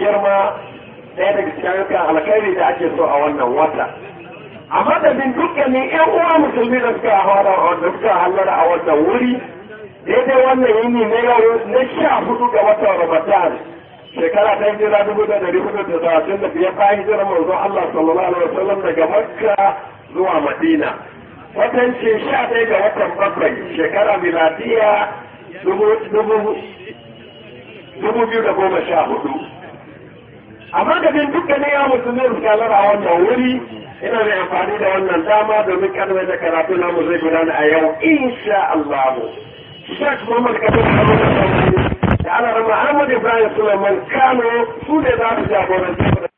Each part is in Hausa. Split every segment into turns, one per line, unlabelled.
girma ma ɗaya daga cikin ayyukan alkhairi da ake so a wannan wata a madadin dukkanin ƴan uwa musulmi da suka hawa da suka hallara a wannan wuri daidai wannan yini na yau na sha hudu ga watan ramadan shekara ta hijira dubu da dari hudu da talatin da biyar bayan hijirar manzon Allah sallallahu alaihi wasallam daga Makka zuwa Madina. Watan ce sha ɗaya ga watan bakwai shekara miladiya dubu biyu da goma sha hudu. a madadin dukkanin ya musulmi rusalar a wannan wuri ina mai amfani da wannan dama domin kalmar da karatu namu zai gudana a yau insha Allah Sheikh Muhammad Kabir da ana rama Ahmad Ibrahim Suleiman Kano su ne za su jagoranci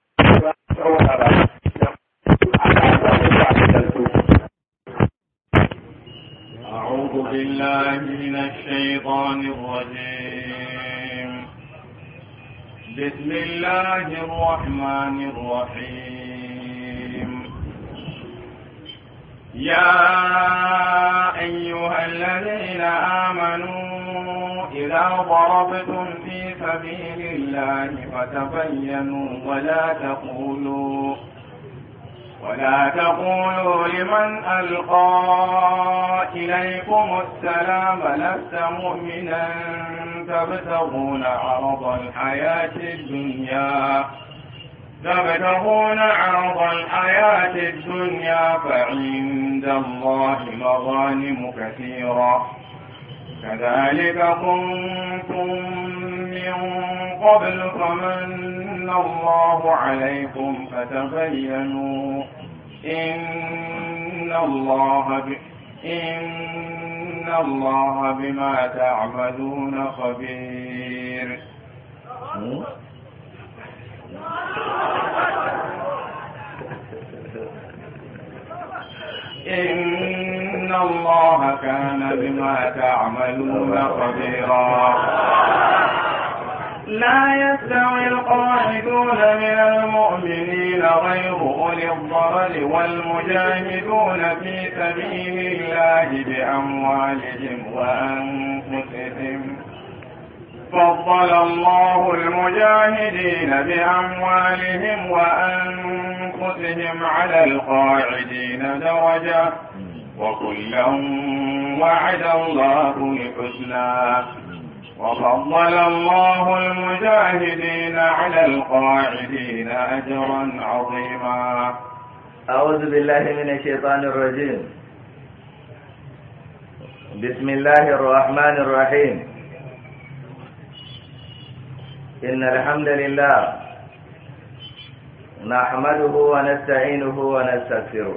أعوذ بالله
من الشيطان الرجيم بسم الله الرحمن الرحيم يا أيها الذين آمنوا إذا ضربتم في سبيل الله فتبينوا ولا تقولوا ولا تقولوا لمن ألقى إليكم السلام لست مؤمنا تبتغون عرض الحياة الدنيا تبتغون عرض الحياة الدنيا فعند الله مغانم كثيرة كذلك كنتم من قبل فمن الله عليكم فتبينوا إن الله ب... إن الله بما تعملون خبير إن الله كان بما تعملون خبيرا لا يستوي القاعدون من المؤمنين غير أولي الضرر والمجاهدون في سبيل الله بأموالهم وأنفسهم فضل الله المجاهدين بأموالهم وأنفسهم على القاعدين درجة وكلا وعد الله الحسنى وفضل الله المجاهدين على
القاعدين أجرا عظيما أعوذ بالله من الشيطان الرجيم بسم الله الرحمن الرحيم إن الحمد لله نحمده ونستعينه ونستغفره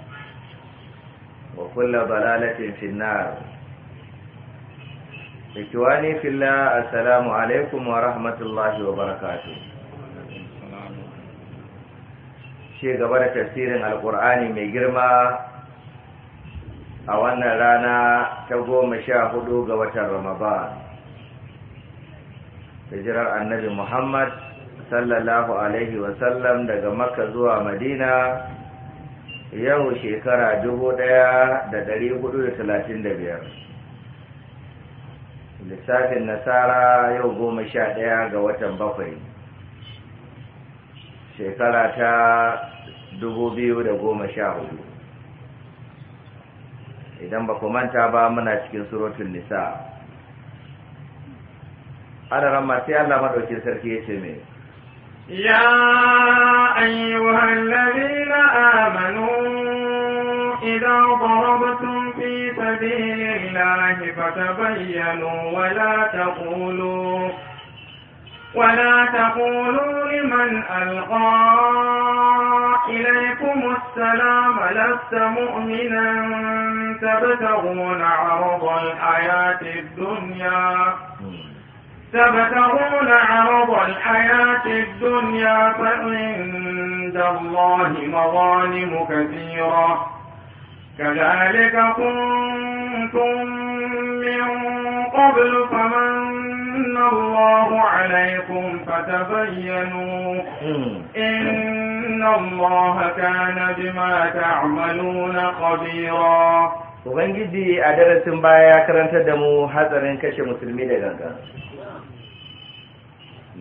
Ko kulla bala lafin finna. Duk kiwani filla, assalamu alaikum wa rahmatullahi wa barkato. gaba da tasirin Alƙur'ani mai girma. A wannan rana, ta goma sha hudu ga watan Ramadan. Duk jiran annabin Muhammadu, sallallahu alaihi wa daga Makka zuwa Madina. yau shekara dubu ɗaya da ɗari hudu da talatin da biyar lissafin nasara yau goma sha ɗaya ga watan bakwai shekara ta dubu biyu da goma sha hudu idan ba manta ba muna cikin surutun nisa adaran masu yalla maɗauki sarki ya ce mai
يا أيها الذين آمنوا إذا ضربتم في سبيل الله فتبينوا ولا تقولوا ولا تقولوا لمن ألقى إليكم السلام لست مؤمنا تبتغون عرض الحياة الدنيا تبتغون عرض الحياة الدنيا فعند الله مظالم كثيرة كذلك كنتم من قبل فمن الله عليكم فتبينوا إن الله كان بما تعملون خبيرا
Ubangiji a darasin baya ya karantar da mu hatsarin kashe musulmi da gangan.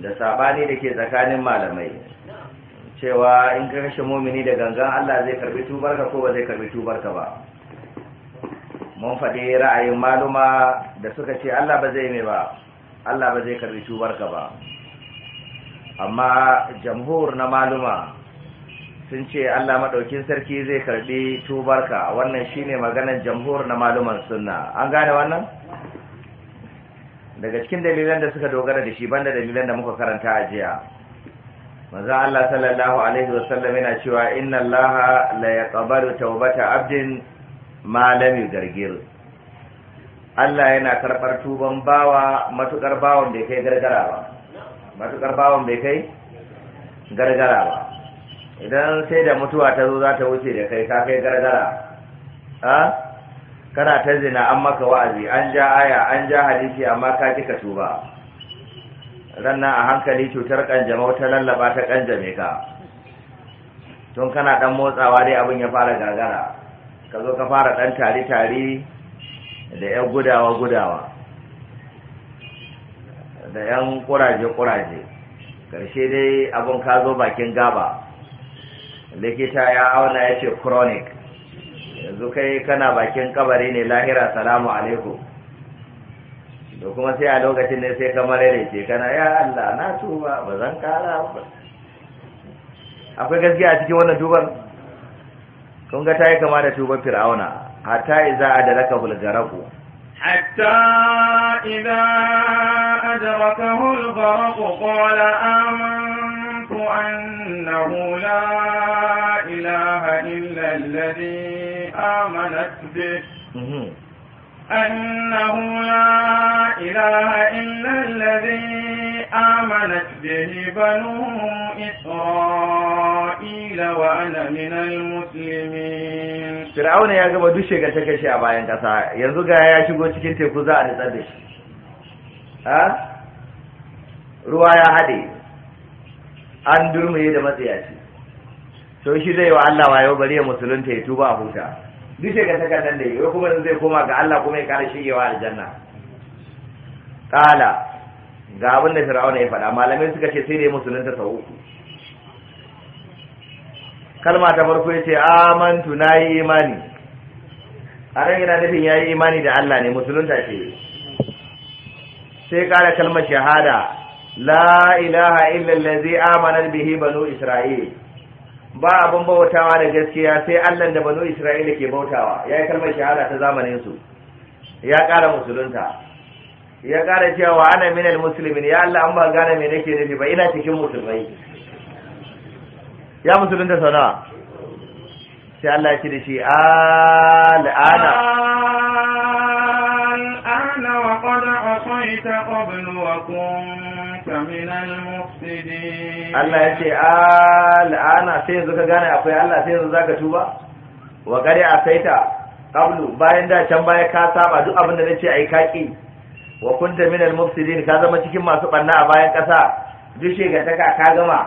da sabani da ke tsakanin malamai cewa in ka kashe mumini da gangan Allah zai karbi tubarka ko ba zai karbi tubarka ba mun faɗi ra'ayin maluma da suka ce Allah ba zai mai ba Allah ba zai karbi tubarka ba amma jamhur na maluma sun ce Allah maɗaukin sarki zai karbi tubarka wannan shine maganar jamhur na maluman sunna an gane wannan daga cikin dalilan da suka dogara da shi banda dalilan da muka karanta a jiya manzo Allah sallallahu alaihi wasallam yana cewa inna Allah la yaqbalu tawbata abdin ma lam yargir Allah yana karbar tuban bawa matukar bawon bai kai gargara ba matukar bawon bai kai gargara ba idan sai da mutuwa ta zo za ta wuce da kai ka kai gargara ha ah? kana ta zina an maka wa'azi an ja aya an ja hadisi amma ka ji ka tuba rannan a hankali cutar kanjamau ta lallaba ta kanjame ka tun kana dan motsawa dai abin ya fara gagara ka zo ka fara dan tari tari da yan gudawa gudawa da yan kuraje kuraje karshe dai abin ka zo bakin gaba likita ya auna ya ce chronic yanzu kai kana bakin kabari ne lahira salamu alaikum da kuma sai a lokacin ne sai kamar ne ce kana ya Allah na tuba ba zan kara ba akwai gaskiya a cikin wannan tubar kun ga ta yi kama da tubar fir'auna hatta iza adraka hulgaraku
hatta iza adraka hulgaraku qala amantu أنه لا إله إلا الذي آمنت به أنه لا إله إلا الذي آمنت به بنو إسرائيل وأنا من المسلمين
فرعون gaba duk shiga ta kashi a bayan ƙasa, yanzu ga ya shigo cikin teku za a nitsar ruwa ya haɗe an durmuye da matsayaci sau shi zai wa Allah wayo bari ya musulunta ya tuba a huta duk ga takardar da yau kuma zai koma ga Allah kuma ya kara shigewa aljanna kala ga abin da fir'auna ya faɗa malamai suka ce sai da ya musulunta sau uku kalma ta farko ya ce amantu na yi imani a ran yana nufin ya yi imani da Allah ne musulunta ce sai kara kalmar shahada la ilaha illallazi amanar bihi banu isra'il ba abin bautawa da gaskiya sai Allah da banu isra'ila ke bautawa ya yi kalmar shahada ta zamanin su ya ƙara musulunta ya ƙara cewa ana minal musulmin ya Allah an ba gane me nake nufi ba ina cikin musulmai ya musulunta sau nawa sai Allah ki da shi al'ana
al'ana wa qad asayta qablu wa kunta minal
Allah ya ce al'ana sai yanzu ka gane akwai Allah sai yanzu zaka tuba wa a asaita qablu bayan da can baya ka saba duk abin da nace ai kaki wa kunta minal mufsidin ka zama cikin masu banna a bayan kasa duk ga ta ka ka gama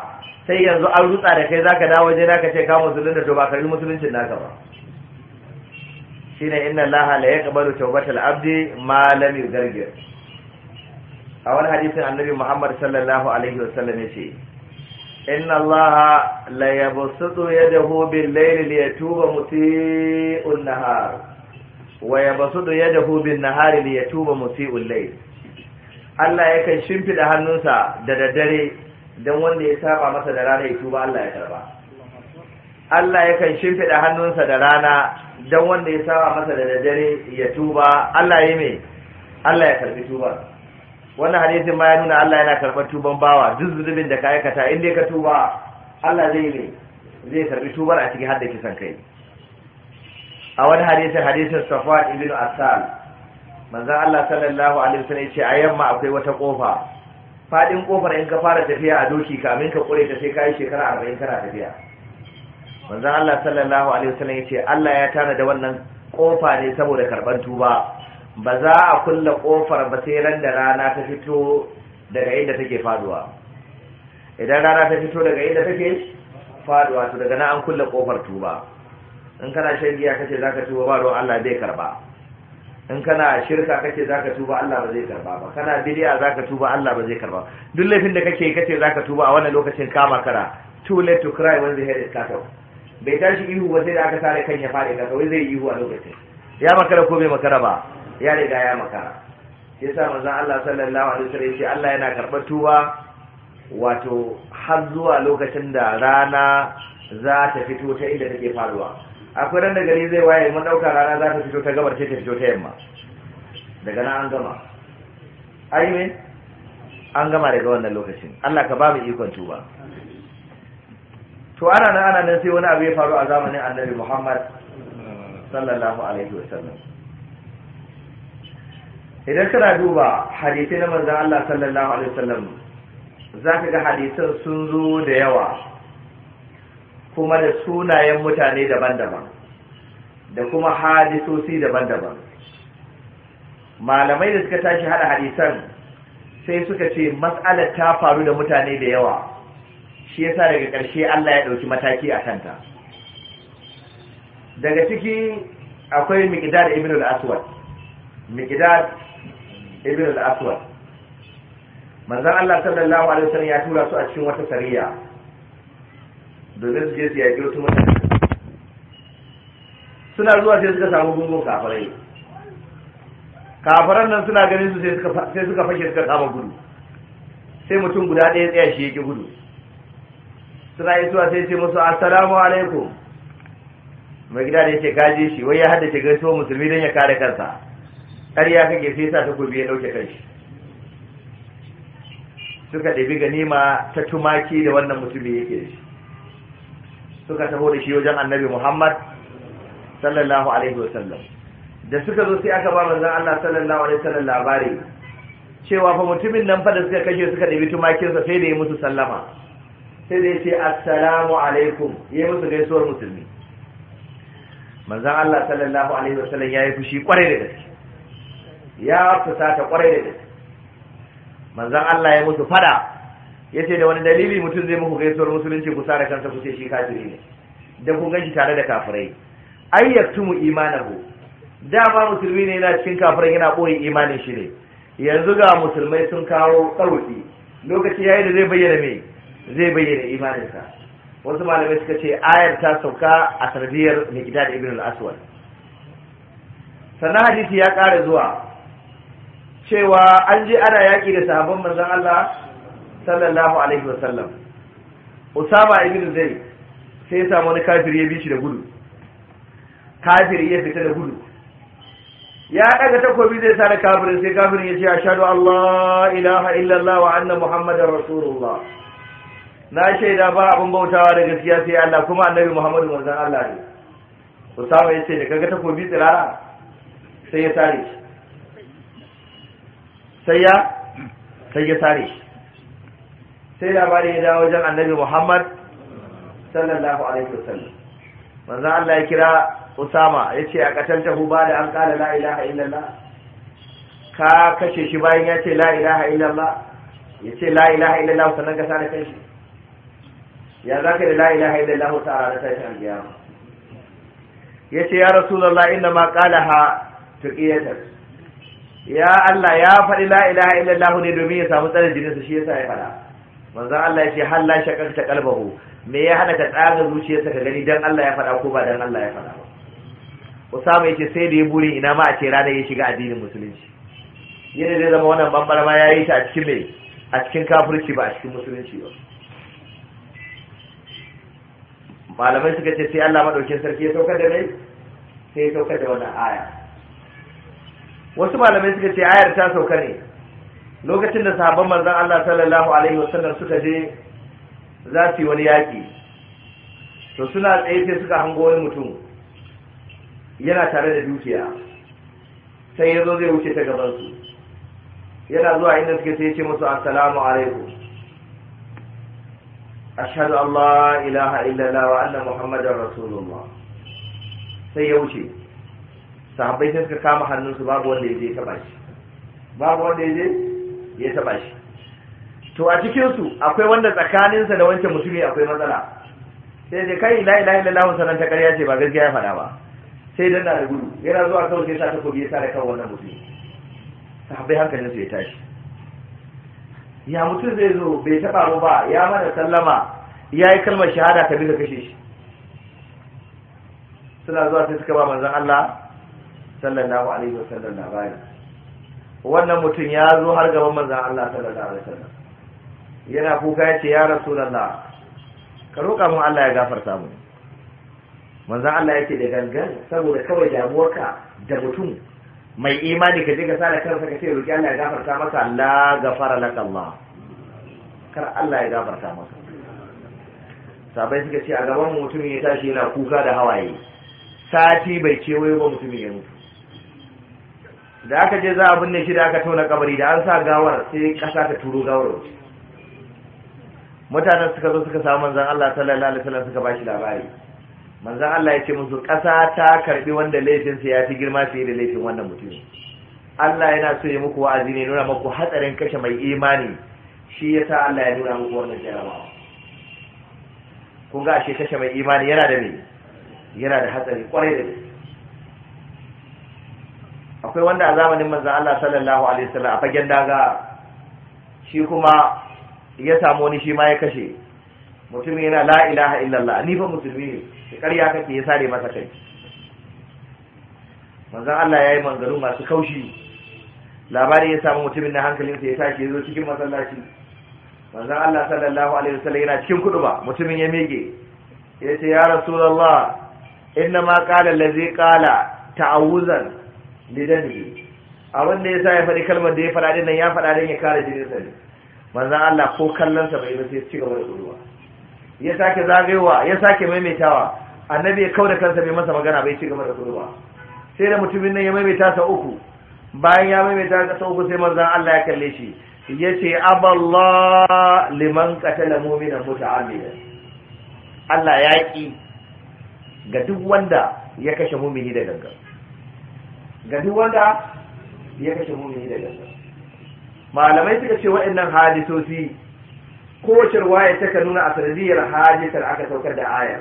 sai yanzu an rutsa da kai zaka dawo waje naka ce ka musulun da to ba karbi musuluncin naka ba shine inna allaha la yaqbalu tawbatal abdi ma lam yugargir a wani hadisin annabi Muhammad sallallahu alaihi wa sallam ya ce inna allah la yabsutu yadahu bil layli yatuba muti'un nahar wa yabsutu yadahu bin nahari li yatuba muti'ul layl Allah ya yakan shimfida hannunsa da daddare don wanda ya saba masa da rana ya tuba Allah ya karba Allah ya yakan shimfida hannunsa da rana don wanda ya saba masa da daddare ya tuba Allah ya me Allah ya karbi tubar wannan hadisin ma ya nuna Allah yana karɓar tuban bawa duk zunubin da ka aikata in dai ka tuba Allah zai ne zai karɓi tubar a cikin hadda kisan kai a wani hadisi hadisin Safwan ibn Asal manzon Allah sallallahu alaihi wasallam yace a yamma akwai wata kofa fadin kofar in ka fara tafiya a doki kamin ka kure ta sai kai shekara 40 kana tafiya manzon Allah sallallahu alaihi wasallam yace Allah ya tana da wannan kofa ne saboda karban tuba ba za a kulla kofar ba sai ran da rana ta fito daga inda take faduwa idan rana ta fito daga inda take faduwa to daga nan an kulla kofar tuba in kana shan giya kace zaka tuba ba ruwan Allah zai karba in kana shirka kace zaka tuba Allah ba zai karba ba kana bid'a zaka tuba Allah ba zai karba duk laifin da kake kace zaka tuba a wannan lokacin kama kara too late to cry when the head is cut off bai tashi ihu ba sai da aka sare kan ya fadi kasa wai zai ihu a lokacin ya makara ko bai makara ba ya riga ya makara shi yasa manzon Allah sallallahu alaihi wasallam shi Allah yana karɓar tuba wato har zuwa lokacin da rana za ta fito ta inda take faruwa akwai ran da gari zai waye mun dauka rana za ta fito ta gabar ce ta fito ta yamma daga nan an gama ai me an gama daga wannan lokacin Allah ka ba mu ikon tuba to ana nan ana nan sai wani abu ya faru a zamanin Annabi Muhammad sallallahu alaihi wasallam idan kana duba hadisai na manzan Allah sallallahu alaihi wasallam zaka ga hadisan sun zo da yawa kuma da sunayen mutane daban-daban da kuma hadisosi daban-daban malamai da suka tashi hada hadisan sai suka ce mas'alar ta faru da mutane da yawa shi yasa daga ƙarshe Allah ya ɗauki mataki a kanta daga ciki akwai miqdad ibn al-aswad miqdad ibn al-aswad manzon Allah sallallahu alaihi wasallam ya tura su a cikin wata sariya domin su je su yaƙi wata mutane suna zuwa sai suka samu gungun kafirai kafiran nan suna ganin su sai suka fashe suka kama gudu sai mutum guda ɗaya tsaya shi yake gudu suna yi zuwa sai ce musu assalamu alaikum mai gida da yake kaje shi wai ya haddace gaisuwa musulmi don ya kare kansa ƙarya kake sai sa takobi ya ɗauke kai suka ɗabi ganima ta tumaki da wannan mutum yake da shi suka taho da shi wajen annabi muhammad sallallahu alaihi wasallam da suka zo sai aka ba manzon allah sallallahu alaihi wasallam labari cewa fa mutumin nan fa da suka kashe suka ɗabi tumakinsa sai da ya musu sallama sai da ya ce assalamu alaikum ya musu gaisuwar musulmi manzon allah sallallahu alaihi wasallam ya yi fushi kwarai da gaske ya fusata kwarai da gaske manzon Allah ya mutu fada yace da wani dalili mutum zai muku gaisuwar musulunci ku da kansa ku ce shi kafiri ne da kun ganshi tare da kafirai ay yaktumu imanahu dama musulmi ne yana cikin kafirai yana boye imanin shi ne yanzu ga musulmai sun kawo ɗauki lokaci yayi da zai bayyana me zai bayyana imaninsa wasu malamai suka ce ayar ta sauka a sanadiyar mai gida da ibn al-aswad sannan hadisi ya kare zuwa cewa an je ana yaƙi da sahabban manzon Allah sallallahu alaihi wa sallam Usama ibn Zayd sai ya samu wani kafiri ya bi shi da gudu kafiri ya fita da gudu
ya daga takobi zai
da kafirin sai kafirin ya ce ashhadu Allah ilaha illallah wa anna muhammadar rasulullah na shaida ba abin bautawa da gaskiya sai Allah kuma annabi Muhammadu manzon Allah ne Usama ya ce da kaga takobi tsirara sai ya tare shi sai ya sai ya sare shi sai labari ya dawo wajen annabi muhammad sallallahu alaihi wasallam manzo Allah ya kira usama ya ce a katantahu ba da an kala la ilaha illallah ka kashe shi bayan ya ce la ilaha illallah ya ce la ilaha illallah sannan ka sare kai ya zaka da la ilaha illallah ta da ta shi alƙiyama ya ce ya rasulullah inna ma qalaha tuqiyatan ya Allah ya faɗi la ilaha illallah ne domin ya samu tsarin su, shi yasa ya faɗa manzo Allah ya ce hal la ta qalbahu me ya hana ka tsaga zuciyarsa ka gani dan Allah ya faɗa ko ba dan Allah ya faɗa ba Usama yace sai da ya buri ina ma a ce rana ya shiga addinin musulunci yadda zai zama wannan babbar ma yayi ta a cikin me a cikin kafirci ba a cikin musulunci ba malamai suka ce sai Allah madaukin sarki ya saukar da mai sai ya saukar da wannan aya wasu malamai suka ce ayar ta sauka ne lokacin da sahabban manzon Allah sallallahu alaihi wasallam suka je za su yi wani yaƙi to suna tsaye sai suka hango wani mutum yana tare da dukiya sai ya zo zai wuce ta gabansu yana zuwa inda suke sai ce musu assalamu alaikum ashhadu an la ilaha illallah wa anna muhammadar rasulullah sai ya wuce sahabbai sai suka kama hannunsu babu wanda ya je ya taba shi babu wanda ya je ya taba shi to a cikin su akwai wanda tsakaninsa da wancan musulmi akwai matsala sai dai kai la ilaha illallah sanan ta ƙarya ce ba gaskiya ya faɗa ba sai dan da gudu yana zuwa kawai sai sa takobi ya sare kan wannan mutumi sahabbai hankalin su ya tashi ya mutum zai zo bai taba mu ba ya mana sallama ya yi kalmar shahada ta bi ka kashe shi suna zuwa sai suka ba manzon Allah sallallahu alaihi wasallam bayan wannan mutum ya zo har gaban manzon Allah sallallahu alaihi wasallam yana kuka yace ya rasulullah ka roƙa mun Allah ya gafarta mu manzon Allah yake da gangan saboda kawai damuwarka da mutum mai imani ka je ka sa da kansa ka ce roki Allah ya gafarta maka la gafara lak Allah kar Allah ya gafarta maka sabai suka ce a gaban mutum ya tashi yana kuka da hawaye sati bai kewaye ba mutumin ya mutu da aka je za a binne shi da aka tona kabari da an sa gawar sai kasa ta turo gawar wuce mutanen suka zo suka samu manzan Allah sallallahu alaihi wasallam suka bashi labari Manzan Allah ya ce musu kasa ta karbi wanda laifin sa ya fi girma fiye da laifin wannan mutum Allah yana so ya muku wa'azi ne nuna muku hatsarin kashe mai imani shi yasa Allah ya nuna muku wannan jarabawa kun ga ashe kashe mai imani yana da me yana da hatsari kwarai da gaske akwai wanda a zamanin manzan Allah sallallahu alaihi wasallam a fagen daga shi kuma ya samu wani shi ma ya kashe mutum yana la ilaha illallah ni fa musulmi ne shi ƙarya kake ya sare masa kai manzan Allah ya yi masu kaushi labarin ya samu mutumin na sa ya tashi ya zo cikin masallaci manzan Allah sallallahu alaihi wasallam yana cikin kuduba mutumin ya mege ya ce ya rasulullah inna ma qala allazi qala ta'awuzan lidani abin da yasa ya faɗi kalmar da ya faɗa din nan ya faɗa din ya kare jinin sa ne Allah ko kallon sa bai ba sai ci gaba da tsoruwa ya sake zagaiwa ya sake maimaitawa annabi ya kauda kansa bai masa magana bai ci gaba da tsoruwa sai da mutumin nan ya maimaita sa uku bayan ya maimaita sa uku sai manzan Allah ya kalle shi yace aballah liman qatala mu'mina muta'amida Allah ya ki ga duk wanda ya kashe mumini da gangan ga duk wanda ya kashe mumini da gasa malamai suka ce waɗannan hadisoci kowace ruwaya ta nuna a sanadiyar hadisar aka saukar da aya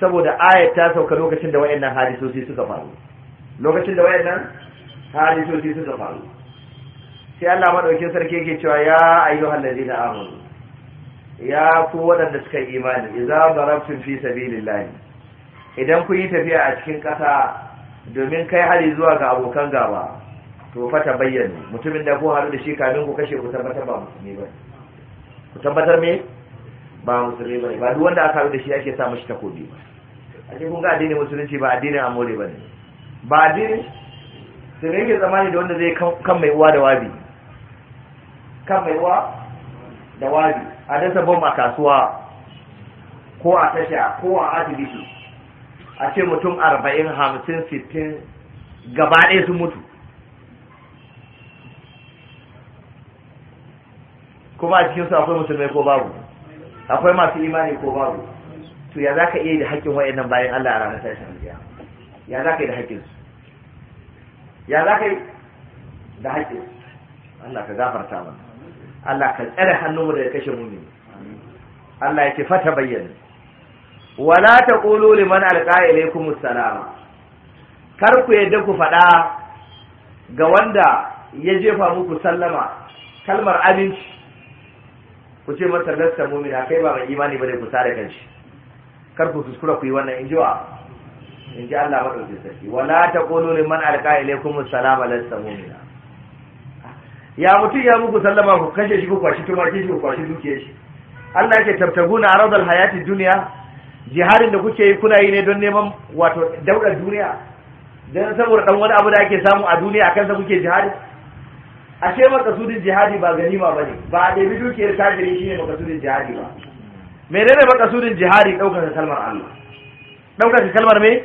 saboda aya ta sauka lokacin da waɗannan hadisoci suka faru lokacin da waɗannan hadisoci suka faru sai Allah madaukin sarki yake cewa ya ayyuhal ladina amanu ya ku waɗanda suka imani idza darabtum fi sabilillah idan kun yi tafiya a cikin ƙasa domin kai hari zuwa ga abokan gaba to fa ta bayyana mutumin da ko haɗu da shi kamin ku kashe ku tabbatar ba musulmi ba ku tabbatar me ba musulmi ba ba duk wanda aka haɗu da shi ake sa mashi takobi ba a ce kun ga addinin musulunci ba addinin amore ba ne ba addinin ne rage zamani da wanda zai kan mai uwa da wabi kan mai uwa da wabi a dasa bom a kasuwa ko a tasha ko a asibiti a ce mutum arba'in hamsin sittin gaba ɗaya sun mutu kuma a cikinsu akwai musulmai ko babu akwai masu imani ko babu to ya za ka iya da haƙƙin wa'annan bayan Allah a ranar tashin biya ya za ka yi da haƙƙinsu ya za ka yi da haƙƙin Allah ka gafarta mana Allah ka tsare hannunmu daga kashe mumini Allah ya ce fata bayyana wala ta taqulu liman alqa ilaykum salama. kar ku yadda ku faɗa ga wanda ya jefa muku sallama kalmar abinci, ku ce masa lasta mumina kai ba mai imani bane ku sare kanshi kar ku kuskura ku yi wannan in jiwa in ji Allah madaukakin sarki wala ta taqulu liman alqa ilaykum salama lasta mumina ya mutum ya muku sallama ku kashe shi ku kwashi tumaki shi ku kwashi dukiyar shi Allah yake tabtaguna aradal hayati dunya jihadin da kuke yi kuna yi ne don neman wato daular duniya don saboda dan wani abu da ake samu a duniya kansa kuke jihadi ashe makasudin jihadi ba ganima bane ba a ɗebi dukiyar shi shine makasudin jihadi ba menene makasudin jihadi ɗaukar kalmar Allah ɗaukar kalmar me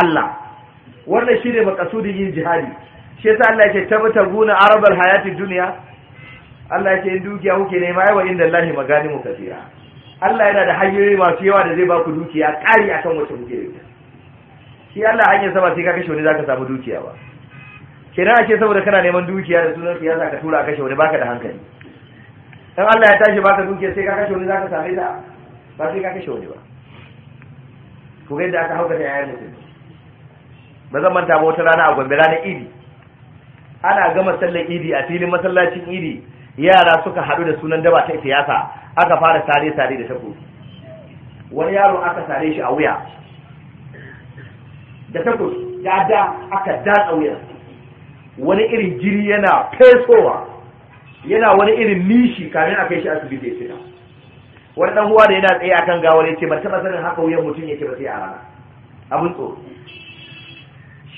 Allah wannan shine makasudin yin jihadi shi yasa Allah yake tabbata guna arabal hayati duniya Allah yake in dukiya kuke nema yawa inda Allah maganimu kasira Allah yana da hanyoyi masu yawa da zai baku dukiya ƙari kan wacce kuke da shi Allah hanyar sama sai ka kashe wani zaka samu dukiya ba kenan ake saboda kana neman dukiya da sunan siyasa ka tura a kashe wani baka da hankali dan Allah ya tashi baka dukiya sai ka kashe wani zaka same ta ba sai ka kashe wani ba ku ga yadda aka hauka da yayin mutum ba zan manta ba wata rana a Gombe ranar Idi ana gama sallar Idi a filin masallacin Idi yara suka haɗu da sunan daba ta siyasa aka fara sare sare da takobi wani yaro aka sare shi a wuya da takobi ya da aka datsa wuya wani irin jiri yana fesowa yana wani irin nishi kamin a kai shi asibiti ya fita wani dan huwa da yana tsaye akan gawar ce, ba taba sanin haka wuyan mutum yake ba sai a rana abin tsoro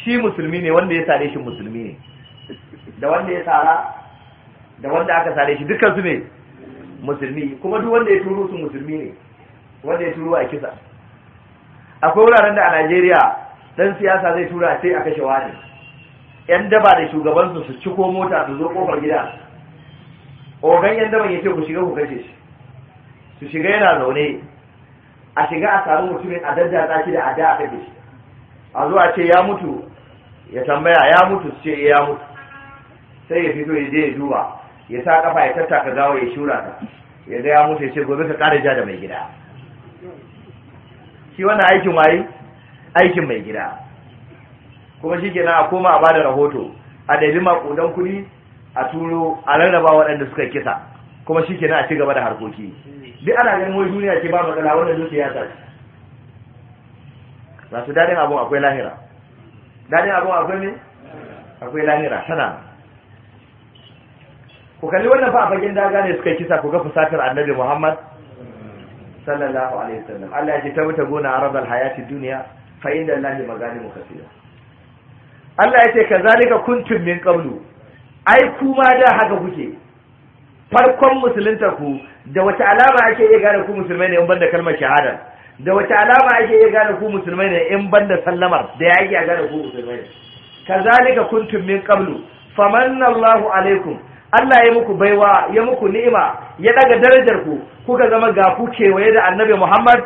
shi musulmi ne wanda ya sare shi musulmi ne da wanda ya sara da wanda aka sare shi dukkan su ne musulmi kuma duk wanda ya turo su musulmi ne wanda ya turo a kisa akwai wuraren da a Najeriya dan siyasa zai tura sai a kashe wani yan daba da shugabansu su ci ko mota su zo kofar gida ogan yan daban ya ce ku shiga ku kashe shi su shiga yana zaune a shiga a samu mutumin a daddatsa shi da ada a kashe shi a zo a ce ya mutu ya tambaya ya mutu su ce eh, ya mutu sai ya fito ya je ya duba ya sa kafa ya tattaka gawa ya shura ta ya ga ya ya ce gobe ka ƙara ja da mai gida shi wannan aikin waye aikin mai gida kuma shi kenan a koma a bada rahoto a ɗabi maƙudan kuɗi a turo a rarraba waɗanda suka kisa kuma shi kenan a ci gaba da harkoki duk ana ganin wani duniya ce ba magana wanda duk siyasa ba su daɗin abun akwai lahira daɗin abun akwai ne akwai lahira tana ku kalli wannan fa a fagen daga ne suka kisa ku ga fusatar annabi Muhammad sallallahu alaihi wasallam Allah ya ce tabata gona aradal hayati duniya fa inda Allah mu kasira Allah ya ce kazalika kuntum min qablu ai ma da haka kuke farkon musulunta ku da wata alama ake iya gane ku musulmai ne in banda kalmar shahada da wata alama ake iya gane ku musulmai ne in banda sallamar da yi a gane ku musulmai ne kazalika kuntum min qablu famanna Allahu alaikum Allah ya muku baiwa ya muku ni'ima ya daga darajar ku kuka zama ga ku kewaye da annabi Muhammad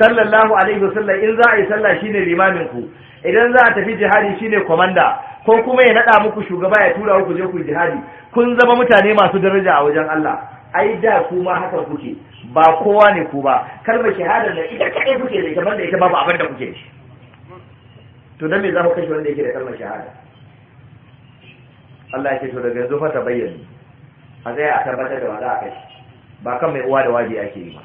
sallallahu alaihi wasallam in za a yi sallah shine limamin ku idan za a tafi jihadi shine komanda ko kuma ya nada muku shugaba ya tura ku je ku jihadi kun zama mutane masu daraja a wajen Allah ai da kuma haka kuke ba kowa ne ku ba kalmar shahada da ita kadai kuke da ita banda ita babu abin da kuke to dan me za ku kashe wanda yake da kalmar shahada Allah ya ce to daga yanzu fa ta bayyana a tsaya a tabbatar da wanda aka yi ba kan mai uwa da waje ake yi ba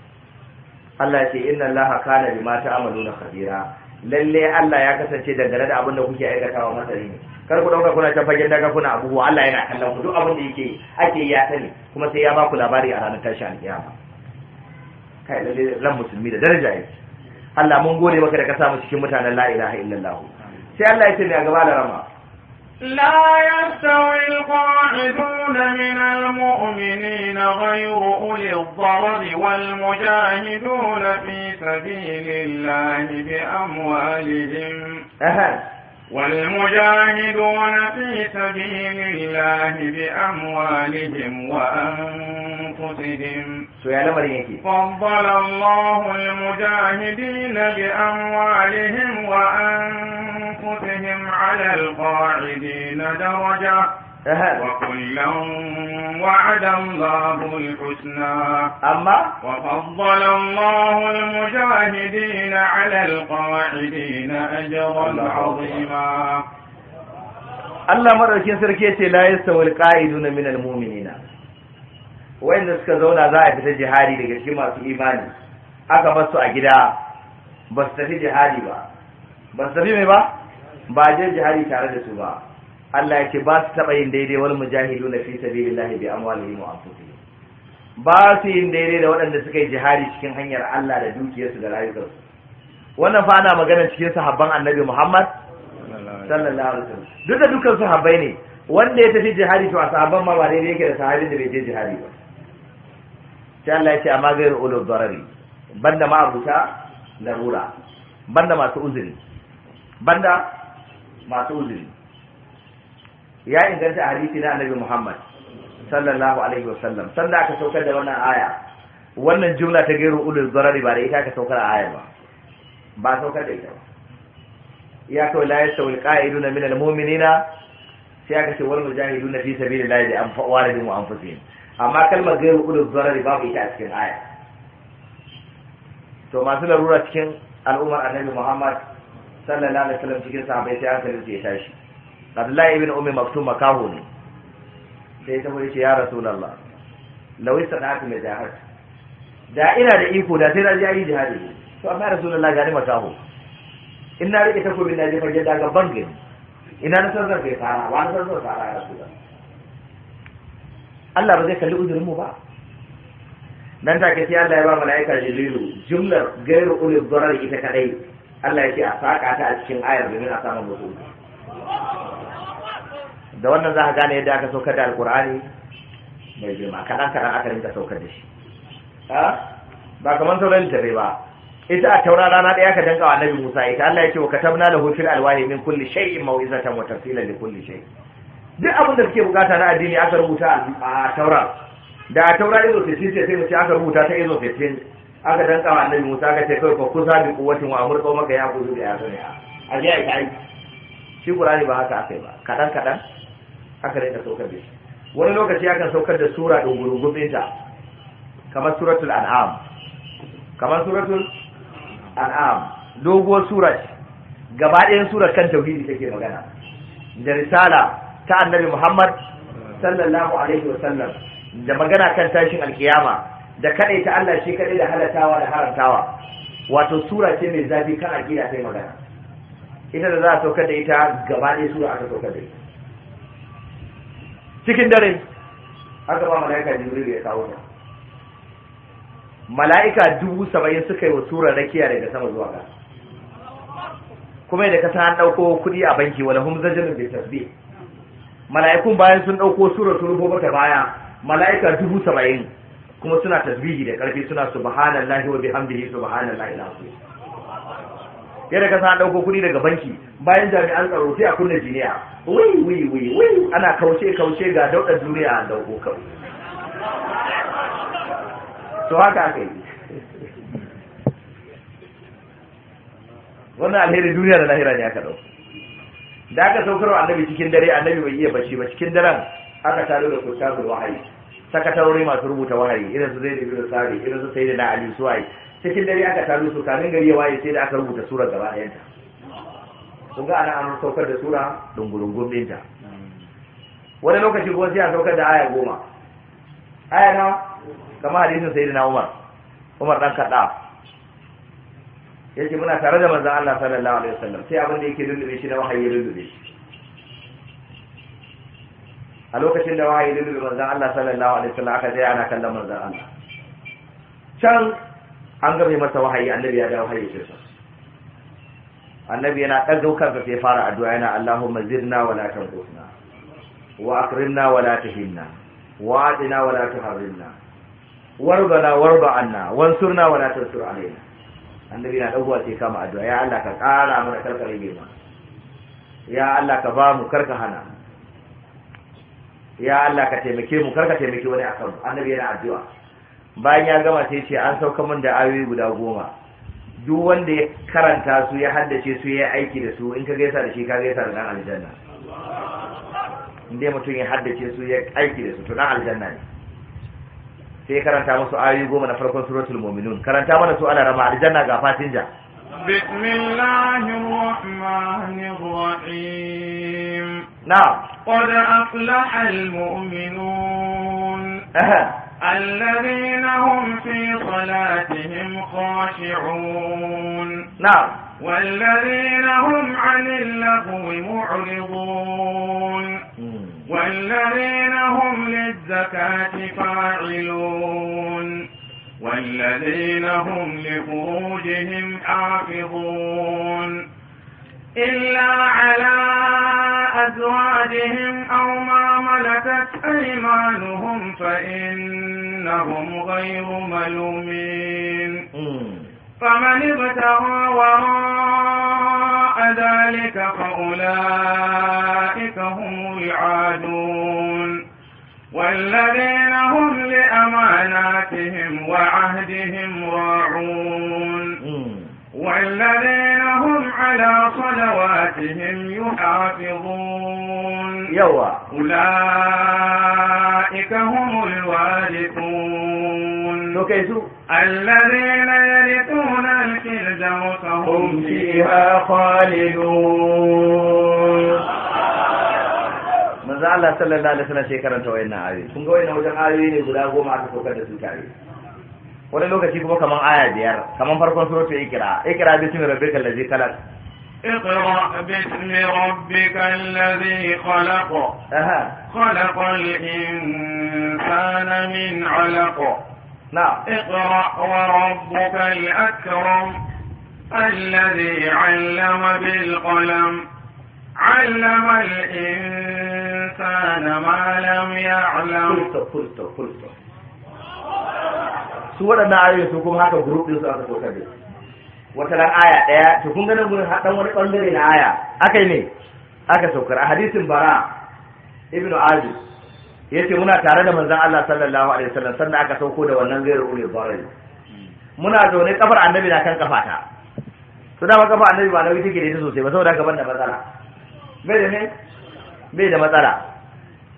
Allah ya ce inna Allah kana bima na khabira lalle Allah ya kasance dangane da abin da kuke aikatawa masani ne kar ku dauka kuna ta fagen daga kuna abubuwa Allah yana kallon ku duk abin da yake ake ya sani kuma sai ya ba ku labari a ranar tashi alkiyama kai lalle ran musulmi da daraja yake Allah mun gode maka da ka samu cikin mutanen la ilaha illallah sai Allah ya ce mai gaba da rama
لا يستوي القاعدون من المؤمنين غير أولي الضرر والمجاهدون في سبيل الله بأموالهم أهل. والمجاهدون في سبيل الله بأموالهم وأنفسهم فضل الله المجاهدين بأموالهم وأنفسهم على القاعدين درجة وكلا وعد الله الحسنى أما وفضل الله المجاهدين على القاعدين أجرا عظيما
Allah madaukin sarki yace la yastawil qa'iduna al mu'minina wanda suka zauna za a fita jihadi daga cikin masu imani aka bar su a gida ba su tafi jihadi ba ba su tafi mai ba ba je jihadi tare da su ba Allah ya ce ba su taɓa yin daidai wani mujahidu na fi sabilillahi bi amwalihim wa anfusihim ba su yin daidai da waɗanda suka yi jihadi cikin hanyar Allah da dukiyarsu da rayukansu wannan fa ana magana cikin sahabban Annabi Muhammad sallallahu alaihi wasallam duk da dukkan sahabbai ne wanda ya tafi jihadi to a sahabban ma ba daidai yake da sahabin da bai je jihadi ba sai Allah ya ce amma gairu ulul darari banda ma abuta larura banda masu uzuri banda masu uzuri ya inganta hadisi na annabi Muhammad sallallahu alaihi wasallam sanda aka saukar da wannan aya wannan jumla ta gairu ulul zarari ba da ita aka saukar aya ba ba saukar da ita ba ya kawai la yastawil qa'iduna min almu'minina sai aka ce wal mujahiduna fi sabilillahi bi anfa'walihim wa anfusihim amma kalmar gairu ulul zarari babu ita a cikin aya to masu larura cikin al'ummar annabi Muhammad sallallahu alaihi wasallam cikin sahabbai sai aka rinse ya tashi abdullahi ibn ummi maktum makaho ne sai ta ce ya rasulullah law istana'tu mai jihad da ina da iko da sai na ji ayi jihadi to amma rasulullah ga ni makahu in na rike takobin na ji fage daga bangin ina na san zan kai fara wa na san zan fara ya rasulullah Allah ba zai kalli uzurin mu ba nan ta sai Allah ya ba mala'ika Jibrilu jumlar gairu ulil darar ita kadai Allah ya ce a saka ta a cikin ayar domin a samu mutum da wannan za ka gane yadda aka saukar da alkur'ani mai girma kaɗan kaɗan aka rinka saukar da shi ba kamar sauran littafi ba ita a taura rana ɗaya ka danka wa annabi musa ita allah ya ce wa katabna lahu fil alwahi min kulli shay'in maw'izatan wa tafsilan li kulli shay duk abin da suke bukata na addini aka rubuta a taura da a taura izo ce sai mu ce aka rubuta ta izo fitin aka danka wa annabi musa aka ce kawai fa kusa bi kuwatin wa amurka maka ya kuzu da ya sani a ya ai shi qur'ani ba haka yi ba kadan kadan aka rinka saukar da shi wani lokaci aka saukar da sura ɗin gurgurbin ta kamar suratul an'am kamar suratul an'am doguwar sura ce gaba ɗayan surar kan tauhidi take magana da risala ta annabi muhammad sallallahu alaihi wa sallam da magana kan tashin alkiyama da kaɗai ta allah shi kaɗai da halatawa da harantawa wato sura ce mai zafi kan aƙida sai magana ita da za a saukar da ita gaba ɗaya sura aka saukar da ita cikin dare haka ba mala'ika jibril ya kawo ta mala'ika dubu saba'in suka yi wa tura rakiya daga sama zuwa ga kuma da ka ta ɗauko kuɗi a banki wala hum zajrun bi tasbih mala'ikun bayan sun ɗauko sura sun ko mata baya mala'ika dubu saba'in kuma suna tasbihi da karfi suna subhanallahi wa bihamdihi subhanallahi alazim yadda kasa an dauko kuɗi daga banki bayan jami'an tsaro sai a kunna jiniya wai wai wai wai ana kauce kauce ga daudar duniya a dauko kawai to haka aka yi wannan alheri duniya da lahira ne aka dau da aka saukarwa annabi cikin dare annabi bai iya bacci ba cikin daren aka taro da kusa wahayi sakatarori masu rubuta wahayi irin su zai da biyu tsari irin su sai da na ali cikin dare aka taru su kamin gari ya waye sai da aka rubuta sura gaba ɗayanta kun ga ana an saukar da sura dungurungun ɗinta wani lokaci kuma sai a saukar da aya goma aya na kama hadisin sai na umar umar ɗan kaɗa ya ce muna tare da manzan Allah sallallahu alaihi wasallam sai abin da yake lullube shi na wahayi lullube shi a lokacin da wahayi lullube manzan Allah sallallahu alaihi wasallam aka tsaya ana kallon manzan Allah can an gabe masa wahayi annabi ya dawo hayyacinsa annabi yana ɗaga kansa sai fara addu'a yana Allahumma zidna wa la tanqusna wa akrimna wa la tahinna wa atina wa la tuharrimna warbana warba anna wansurna wa la tansur alaina annabi yana ɗan sai kama addu'a ya Allah ka ƙara mana karka rage ma ya Allah ka ba mu karka hana ya Allah ka taimake mu karka taimake wani akan annabi yana addu'a bayan ya gama sai ce an sauka min da ayoyi guda goma duk wanda ya karanta su ya haddace su ya aiki da su in ka gaisa da shi ka gaisa da dan aljanna in dai mutum ya haddace su ya aiki da su to dan aljanna ne sai karanta musu ayoyi goma na farkon suratul mu'minun karanta mana su ala rama aljanna ga fatinja
بسم الله الرحمن الرحيم نعم قد أفلح المؤمنون أه. الذين هم في صلاتهم خاشعون نعم والذين هم عن اللغو معرضون والذين هم للزكاة فاعلون والذين هم لفروجهم حافظون
إلا على أزواجهم أو
ما ملكت أيمانهم فإنهم غير ملومين فمن ابتغى وراء ذلك فأولئك هم العادون والذين هم لأماناتهم وعهدهم راعون والذين هم على صلواتهم يحافظون يوا أولئك هم الوارثون الذين يرثون الفردوس هم فيها
خالدون Allah sallallahu alaihi wasallam sai wayannan ayoyi kun ga wayannan wajen ayoyi ne guda goma aka kokar da su tare wani lokaci kuma kaman aya biyar kaman farkon suratul ikra ikra bi ismi rabbikal ladzi khalaq
اقرأ باسم ربك الذي خلق خلق الإنسان من علق نعم اقرأ وربك الأكرم الذي علم بالقلم علم الإنسان ما لم
يعلم فلتو فلتو فلتو su waɗannan ayoyi su kuma haka group din su aka saukar da wata ran aya ɗaya to kun ganin gurin haɗan wani bangare na aya akai yi ne aka saukar a hadisin bara ibnu ya yace muna tare da manzon Allah sallallahu alaihi wasallam sannan aka sauko da wannan gairu ulil barai muna zaune kafar annabi na kan kafata to dama kafa annabi ba nauyi take da ita sosai ba saboda gaban da matsala Me da ne me da matsala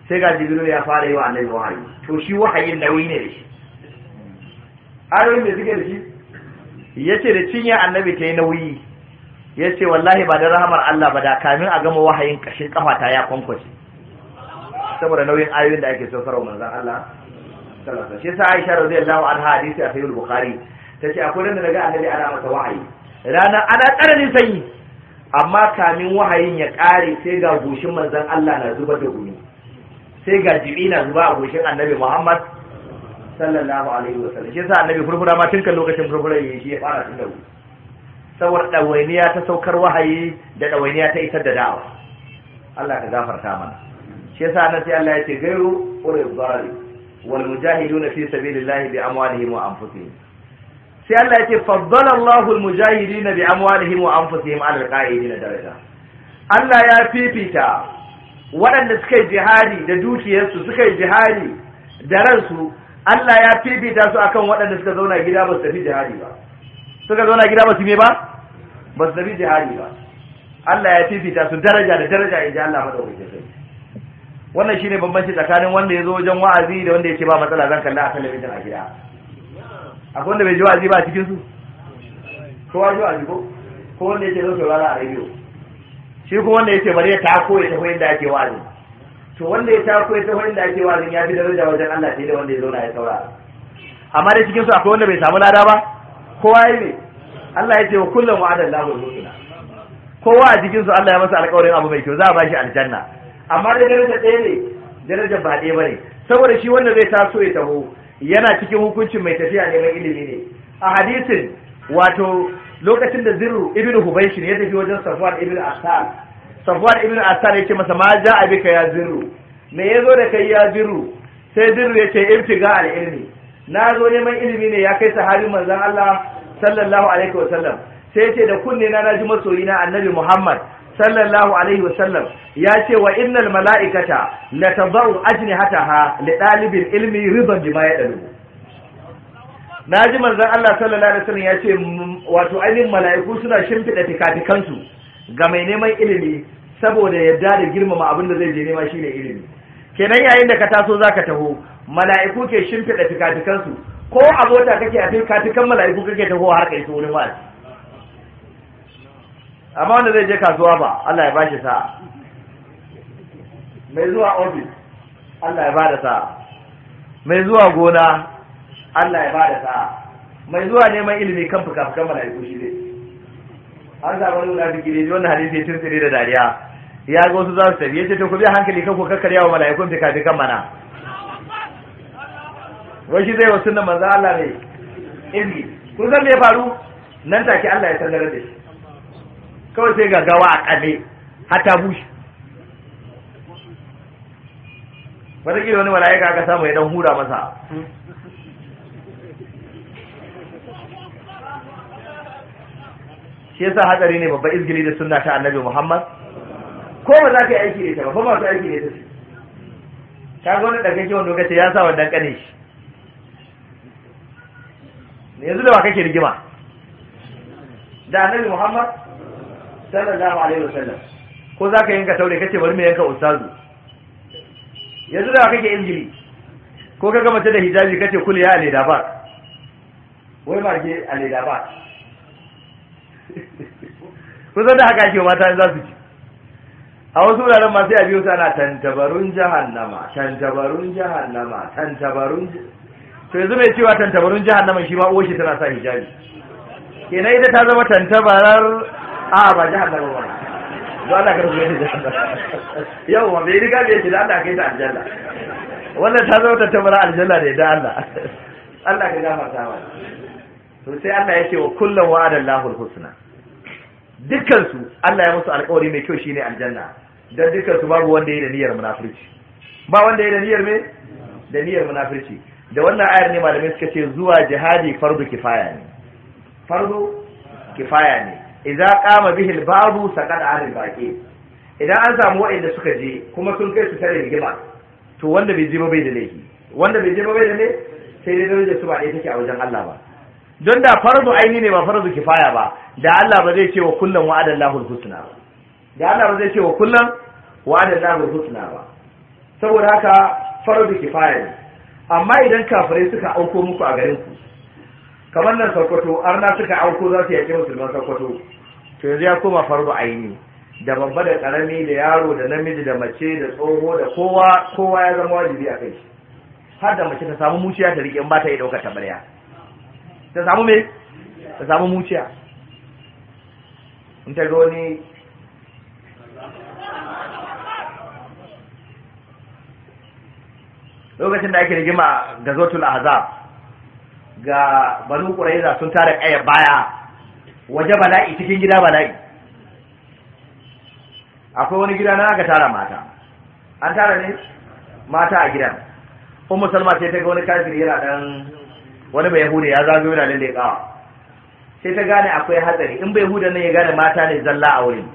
sai ga jibril ya fara yi wa annabi wahayi to shi wahayin nauyi ne da shi
ayoyin da suke da
shi ce da cinye annabi ta yi nauyi Ya ce wallahi ba da rahamar Allah ba da kamin a gama wahayin kashin kafata ya kwankwace saboda nauyin ayoyin da ake wa manzan Allah sallallahu alaihi wasallam shi yasa Aisha radiyallahu anha hadisi a sahih al-Bukhari tace akwai ran da naga annabi ana masa wahayi rana ana tsananin sanyi amma kamin wahayin ya kare sai ga goshin manzan Allah na zuba da gumi sai ga jibi na zuba a goshin annabi Muhammad sallallahu alaihi wa sallam shi yasa annabi furfura ma tun kan lokacin furfura yayi shi ya fara tun da wuri saboda dawainiya ta saukar wahayi da dawainiya ta isar da da'awa Allah ka gafarta mana shi yasa annabi Allah ya ce gairu ulul dhari wal mujahiduna fi sabilillahi bi amwalihim wa anfusihim sai Allah ya ce faddala Allahu al mujahidina bi amwalihim wa anfusihim ala al qa'idina daraja Allah ya fifita waɗanda suka yi jihadi da dukiyarsu suka yi jihadi da ransu Allah ya fifita su akan waɗanda suka zauna gida ba su tafi jihadi ba suka zauna gida ba su me ba ba su tafi jihadi ba Allah ya fifita su daraja da daraja in ji Allah madaukakin sarki wannan shine bambanci tsakanin wanda ya zo wajen wa'azi da wanda ya ce ba matsala zan kalla a talabijin a gida akwai wanda bai ji wa'azi ba a cikin su kowa ji wa'azi ko ko wanda ya ce zo saurara a rediyo shi ko wanda ya ce bari ya tako ya tafi inda ake wa'azi to wanda ya ta koyi ta wurin da ake wazin ya fi daraja wajen Allah sai da wanda ya zauna ya saurara amma dai cikin su akwai wanda bai samu lada ba kowa ya ne Allah ya ce wa kullum wa'adan lahu kowa a cikin su Allah ya masa alƙawarin abu mai kyau za a bashi aljanna amma da daraja ɗaya ne daraja ba ɗaya bane saboda shi wanda zai taso ya taho yana cikin hukuncin mai tafiya neman ilimi ne a hadisin wato lokacin da zirru ibnu ne ya tafi wajen safwan ibnu asad safwan ibn asan yake masa ma ja'a bika ya zirru me yazo da kai ya zirru sai zirru yace ibtiga al ilmi na zo neman ilimi ne ya kai sahabi manzon Allah sallallahu alaihi wa sallam sai yace da kunne na naji masoyi na annabi Muhammad sallallahu alaihi wa sallam ya ce wa innal mala'ikata la tadau ajnihataha li dalibil ilmi riban bima yadalu naji manzon Allah sallallahu alaihi wa sallam ya ce wato ainihin mala'iku suna shimfida tikatikansu ga mai neman ilimi saboda yadda da girmama abin da zai je nema shine ilimi kenan yayin da ka taso zaka taho mala'iku ke shimfiɗa fikafikansu ko abota kake a fikafikan mala'iku kake taho har kai so wurin wa'azi amma wanda zai je kasuwa ba Allah ya bashi sa'a
mai zuwa ofis Allah
ya bada sa'a mai zuwa gona Allah ya bada sa'a mai zuwa neman ilimi kan fikafikan mala'iku shi dai har ga wani munafiki ne wannan hadisi ya tunsire da dariya ya ga wasu za su tafi Ya ce to ku bi hankali kan ku kakkarya wa mala'ikun fika fikan mana wai zai wa sunnan manzo Allah ne izi kun san me faru nan take Allah ya sanar da shi kawai sai gaggawa a kame har ta bushe wata wani mala'ika aka samu ya dan hura masa shi yasa hatsari ne babba izgili da sunna ta annabi Muhammad ko ba za ka yi aiki da ita ba ko ba su aiki da ta su ka ga wani ɗaga ke wanda kace ya sa wannan kane shi yanzu da ba kake rigima da annabi Muhammad sallallahu alaihi wasallam ko za ka yanka taure kace bari mu yanka ustazu yanzu da ba kake injili ko ka ga mace da hijabi kace kul ya ale da ba wai ma ke ale ba kusan da haka ake mata za su ci a wasu wuraren ma sai a ana tantabarun jahannama tantabarun jahannama tantabarun to yanzu mai cewa tantabarun jahannama shi ma uwashi tana sa hijabi kenan ita ta zama tantabarar a ba jahannama ba don Allah karfi ne jahannama yau ma bai riga bai shiga Allah kai ta aljanna wannan ta zama tantabarar aljanna ne da Allah Allah ka gafarta mana to sai Allah ya ce wa kullum wa'adallahu alhusna dukkansu Allah ya musu alƙawari mai kyau shine aljanna dan dukansu babu wanda yayi da niyyar munafurci ba wanda yayi da niyyar me da niyyar munafurci da wannan ayar ne malamai suka ce zuwa jihadi fardu kifaya ne fardu kifaya ne idza qama bihil babu saqad alil baqi idan an samu wa'inda suka je kuma sun kai su tare rigima to wanda bai je ba bai da laifi wanda bai je ba bai da ne sai dai darajar su ba ɗaya take a wajen Allah ba don da farzu aini ne ba farzu kifaya ba da Allah ba zai ce wa kullum wa'adan lahul husna ba da Allah ba zai ce wa kullum wa'adan lahul husna ba saboda haka farzu kifaya ne amma idan kafirai suka auko muku a garin ku kamar nan Sokoto arna suka auko za su yake musulman Sokoto to yanzu ya koma farzu aini da babba da karami da yaro da namiji da mace da tsoho da kowa kowa ya zama wajibi a kai har da mace ta samu muciya ta rike in ba ta yi ɗaukar tabariya ta samu me ta samu muciya in ta zo ne lokacin da ake rigima ga zotul azab ga banu quraiza sun tare ƙaya baya waje bala'i cikin gida bala'i akwai wani gida na aka tara mata an tara ne mata a gidan ummu musulma sai ta ga wani kafiri yana dan wani bai yahuda ya wani yana da leƙawa sai ta gane akwai hatsari in bai huda ne ya gane mata ne zalla a wurin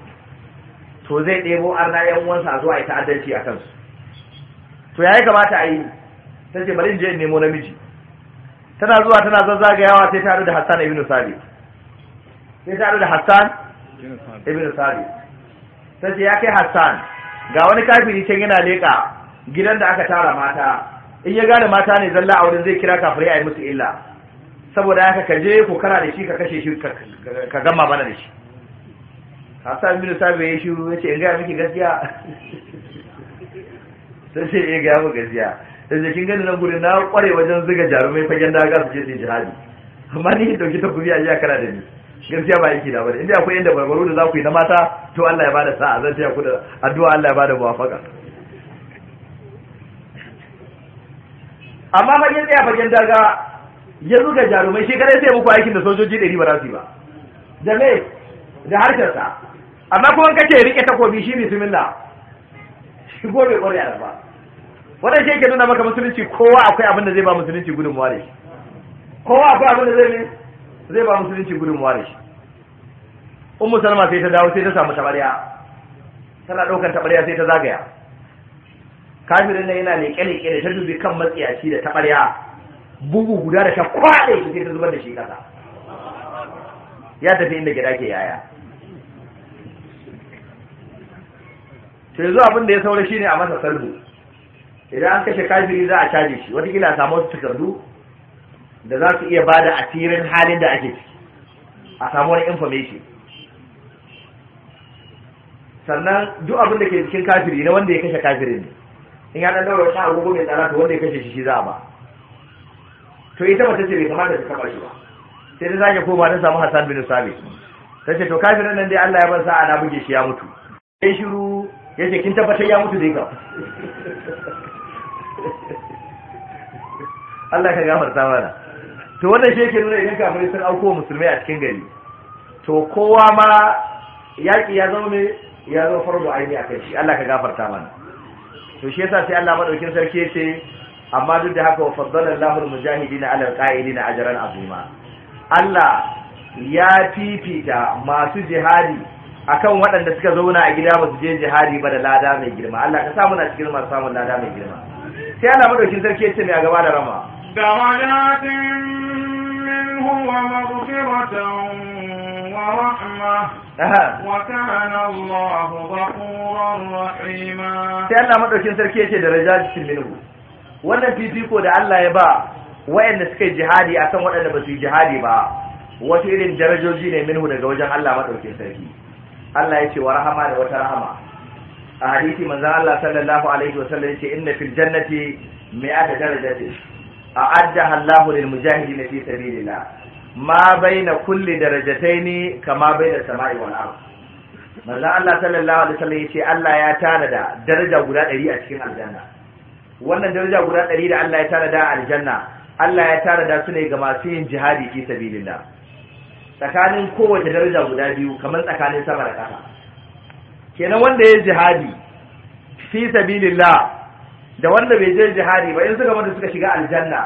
to zai ɗebo arna yan uwansa a zo a yi ta'addanci a kansu to ya kamata a yi ta ce bari in je in nemo namiji tana zuwa tana zazzagayawa sai ta haɗu da hassan ibn sabi sai ta haɗu da hassan ibn sabi ta ce ya kai hassan ga wani kafiri can yana leƙa gidan da aka tara mata in ya gane mata ne zalla a wurin zai kira kafirai a yi musu illa saboda haka ka je ko kana da shi ka kashe shi ka gama mana da shi sa bin sabi ya shi ya ce in gaya miki gaskiya sai sai ya gaya mu gaskiya sai sai kin gani nan gurin na kware wajen zuga jarumai fagen daga su je su jihadi amma ni dauki ta kubiya ya kara da ni gaskiya ba yake da bane inda akwai inda barbaro da za ku yi na mata to Allah ya bada sa'a zan taya ku da addu'a Allah ya bada muwafaqa amma fagen tsaya fagen daga ya zuga jarumai shekarai sai muku aikin da sojoji ɗari ba za su yi ba da me da harshensa amma kuma kace rike takobi shi bismillah shi gobe ƙwarya da ba wannan shi yake nuna maka musulunci kowa akwai abin da zai ba musulunci gudun da shi kowa akwai abin da zai ne zai ba musulunci gudun da shi ummu salma sai ta dawo sai ta samu tabariya tana ɗaukar tabariya sai ta zagaya kafirin nan yana leƙe-leƙe da ta dubi kan matsiyaci da ta ɓarya bugu guda da ta kwaɗe shi sai ta zubar da shi ƙasa ya tafi inda gida ke yaya to yanzu abin da ya saura ne a masa sardu idan an kashe kafiri za a caje shi watakila a samu wasu takardu da za su iya bada asirin halin da ake ciki a samu wani information sannan duk abin da ke cikin kafiri na wanda ya kashe kafirin ne in ya dan daura ta agogo mai tsara to wanda ya kashe shi shi za ba to ita ta ce bai kamata ta taɓa shi ba sai ta zage koma ta samu Hassan bin sabi ta ce to kafin nan dai Allah ya bar sa'a na buge shi ya mutu sai shiru ce kin tabbatar ya mutu dai ka Allah ka ta mana to wannan shi yake nuna idan kafin sun auko musulmai a cikin gari to kowa ma yaƙi ya zama mai ya zama farko ainihi a kai shi Allah ka gafarta mana to shi yasa sai Allah madaukin sarki ce amma duk da haka wa faddala Allahul mujahidina ala alqa'idin ajran azima Allah ya fifita masu jihadi akan waɗanda suka zauna a gida basu je jihadi ba da lada mai girma Allah ka samu na cikin masu samun lada mai girma sai Allah madaukin sarki ce mai a gaba da rama
da darajatin min huwa maghfiratan ورحمة وكان الله غفورا رحيما
سيدنا مدركين سركية درجات wannan fifiko da Allah ya ba wayanda suka yi jihadi akan waɗanda ba su yi jihadi ba wasu irin darajoji ne minhu daga wajen Allah madaukin sarki Allah ya ce wa rahama da wata rahama a hadisi manzon Allah sallallahu alaihi wasallam yace inna fil jannati mi'ata darajatin A'adda Allahu lil mujahidin fi sabilillah ma baina kulli darajataini kama baina sama'i wal ard manzo Allah sallallahu alaihi wasallam yace Allah ya tanada daraja guda 100 a cikin aljanna wannan daraja guda 100 da Allah ya tanada a aljanna Allah ya tanada su ne ga masu yin jihadi fi sabilillah tsakanin kowace daraja guda biyu kamar tsakanin sama da ƙasa kenan wanda ya jihadi fi sabilillah da wanda bai je jihadi ba in suka mutu suka shiga aljanna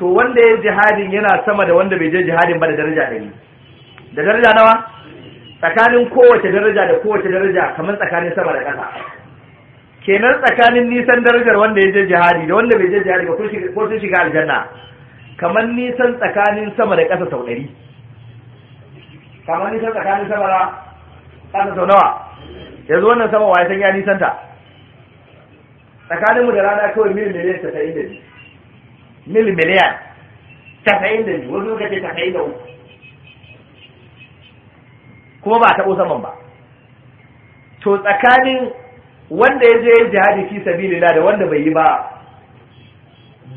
to wanda ya jihadin yana sama da wanda bai je jihadin ba da daraja ɗari da daraja nawa tsakanin kowace daraja da kowace daraja kamar tsakanin sama da ƙasa kenan tsakanin nisan darajar wanda ya je jihadi da wanda bai je jihadi ba ko sun shiga aljanna kamar nisan tsakanin sama da ƙasa sau ɗari kamar nisan tsakanin sama da ƙasa sau nawa yanzu wannan sama wa ya san ya nisanta tsakaninmu da rana kawai mil miliyan ta da biyu mil miliyan tasa'in da biyu wasu suka ce da uku kuma ba a taɓo saman ba to tsakanin wanda ya je jihadi fi sabilillah da wanda bai yi ba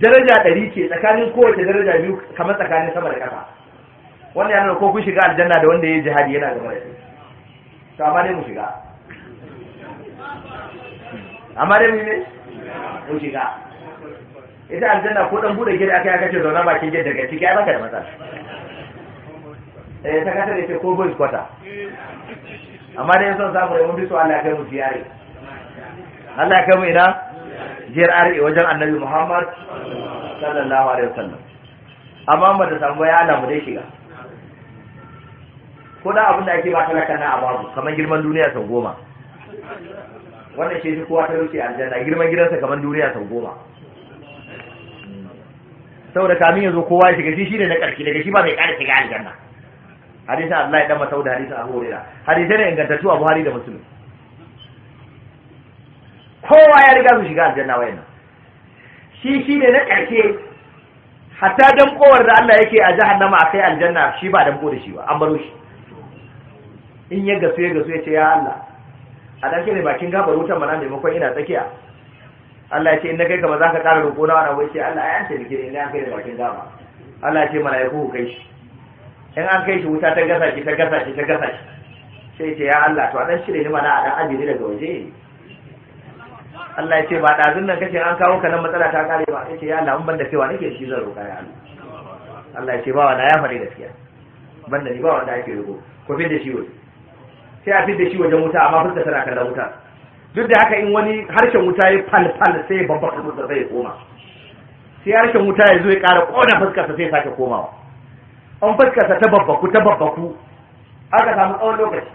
daraja ɗari ce tsakanin kowace daraja biyu kamar tsakanin sama da ƙasa wanda yana ko kun shiga aljanna da wanda ya yi jihadi yana da mara to amma dai mu shiga amma dai mu shiga ita aljanna ko dan bude gida aka kace zauna bakin gida daga ciki ai baka da matsala
eh ta kasa da ce ko boy
kwata amma dai son samu da mun bi so Allah kai mu ziyare Allah kai mu ina ziyare wajen Annabi Muhammad sallallahu alaihi wasallam amma ba da tambaya ya Allah mu dai shiga ko da abin da ake ba talaka na ababu kamar girman duniya sau goma wannan shi kowa ta rufe aljanna girman gidansa kamar duniya sau goma saboda kamin yanzu kowa ya shiga shi shine na karshe daga shi ba mai ƙara shiga aljanna hadisin Allah ya dan masau da hadisin Abu Hurairah hadisai ne ingantattu a Buhari da Muslim kowa ya riga su shiga aljanna wayannan shi shine na karshe hatta dan kowar da Allah yake a jahannama akai aljanna shi ba dan da shi ba an baro shi in ya gasu ya gasu ya ce ya Allah a ɗauke ne bakin gabar wutar mana maimakon ina tsakiya Allah ya ce in na kai ka ba za ka ƙara roƙo na wani abu ce Allah ya ce dake in an kai da bakin dama Allah ya ce mana ya ku kai shi in an kai shi wuta ta gasa shi ta gasa shi ta gasa shi sai ce ya Allah to a dan shirye ni mana a dan ajiye daga waje Allah ya ce ba zun nan kace an kawo ka nan matsala ta kare ba Sai ce ya Allah mun ban da wa nake shi zan roƙa ya Allah Allah ya ce ba wanda ya faɗi gaskiya ban da ni ba wanda yake roƙo ko fi da shi waje sai a fi da shi wajen wuta amma fuska tana kallon wuta duk da haka in wani harshen wuta ya falfal sai ya babba kudurta sai ya koma sai harshen wuta ya zo ya ƙara kona fuskarsa sai ya sake komawa an fuskarsa ta babbaku ta babbaku aka samu tsawon lokaci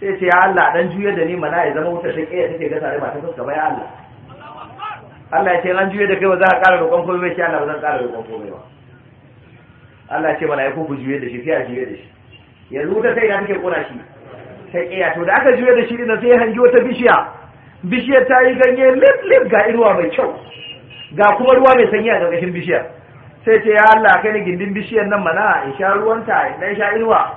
sai ce ya Allah dan juyar da ni mana ya zama wutar sai ƙeya take ga tare ba ta fuska ba ya Allah Allah ya ce ran juyar da kai ba za ka ƙara roƙon komai ba shi Allah ba zan ƙara roƙon komai ba Allah ce mana ya ku juya da shi sai a juya da shi yanzu wuta sai ya take ƙona shi sai ƙeya to da aka juya da shi din sai ya hangi wata bishiya bishiyar ta yi ganye lif-lif ga inuwa mai kyau ga kuma ruwa mai sanyi a ƙarƙashin bishiyar sai ce ya Allah kai ni gindin bishiyar nan mana in sha ruwanta in sha inuwa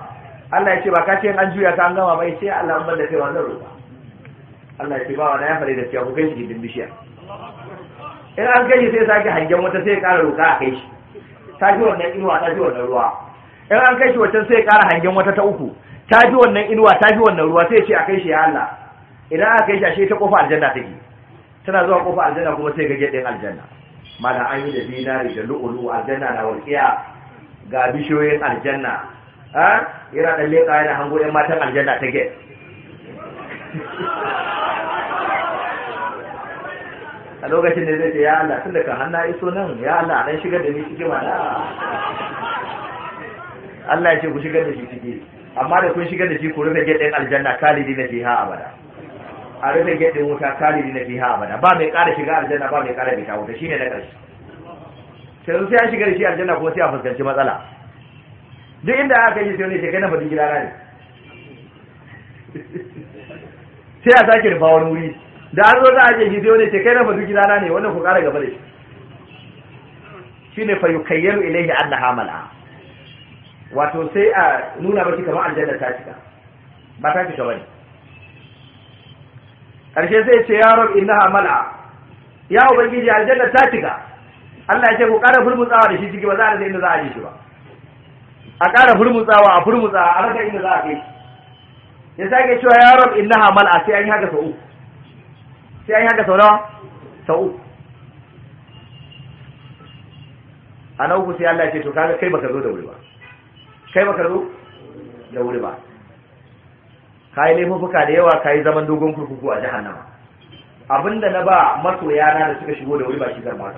Allah ya ce ba ka ce an juya ka an gama ba sai Allah an balle cewa zan roƙa Allah ya ce ba wani ya fare da ku kai shi gindin bishiyar in an kai shi sai sake hangen wata sai ya ƙara roƙa a kai shi ta ji wannan inuwa ta ji wannan ruwa in an kai shi wata sai ya ƙara hangen wata ta uku ta ji wannan inuwa ta ji wannan ruwa sai ya ce a kai shi ya Allah idan aka yi shi ta kofa aljanna take tana zuwa kofa aljanna kuma sai ga gedin aljanna mana an yi da dinari da lu'ulu aljanna na walƙiya ga bishiyoyin aljanna ha yana da leƙa yana hango ɗan matan aljanna ta get a lokacin da zai ce ya Allah tun da kan hannu iso nan ya Allah dan shigar da ni cikin mana Allah ya ce ku shigar da shi ciki amma da kun shigar da shi ku rufe gedin aljanna kalidi na jiha abada a rufin gindin wuta kalili na fiha abada ba mai ƙara shiga aljanna ba mai ƙara fita wuta shine na ƙarshe sai sai an shiga da shi aljanna ko sai a fuskanci matsala duk inda aka yi sai ne sai kana fadin gidana ne sai a sake rufa wani wuri da an zo za a je shi sai ne sai kai na fadin gidana ne wannan ku ƙara gaba da shi shine fa yukayyaru ilayhi annaha mal'a wato sai a nuna baki kamar aljanna ta cika ba ta cika bane ƙarshe zai ce yaron innaha mal'a ya ubangiji aljanna ta cika Allah ya ce ku ƙara furmutsawa da shi ciki ba za a rasa inda za a je shi ba a ƙara furmutsawa a furmutsawa a rasa inda za a kai ya sake cewa yaron innaha mal'a sai an yi haka sau sai an yi haka sau nawa sau a na uku sai Allah ya ce to kaga kai baka zo da wuri ba kai baka zo da wuri ba kai laifuffuka da yawa kai zaman dogon kurkuku a jahannama abinda na ba masoya na da suka shigo da wuri ba shi zan ba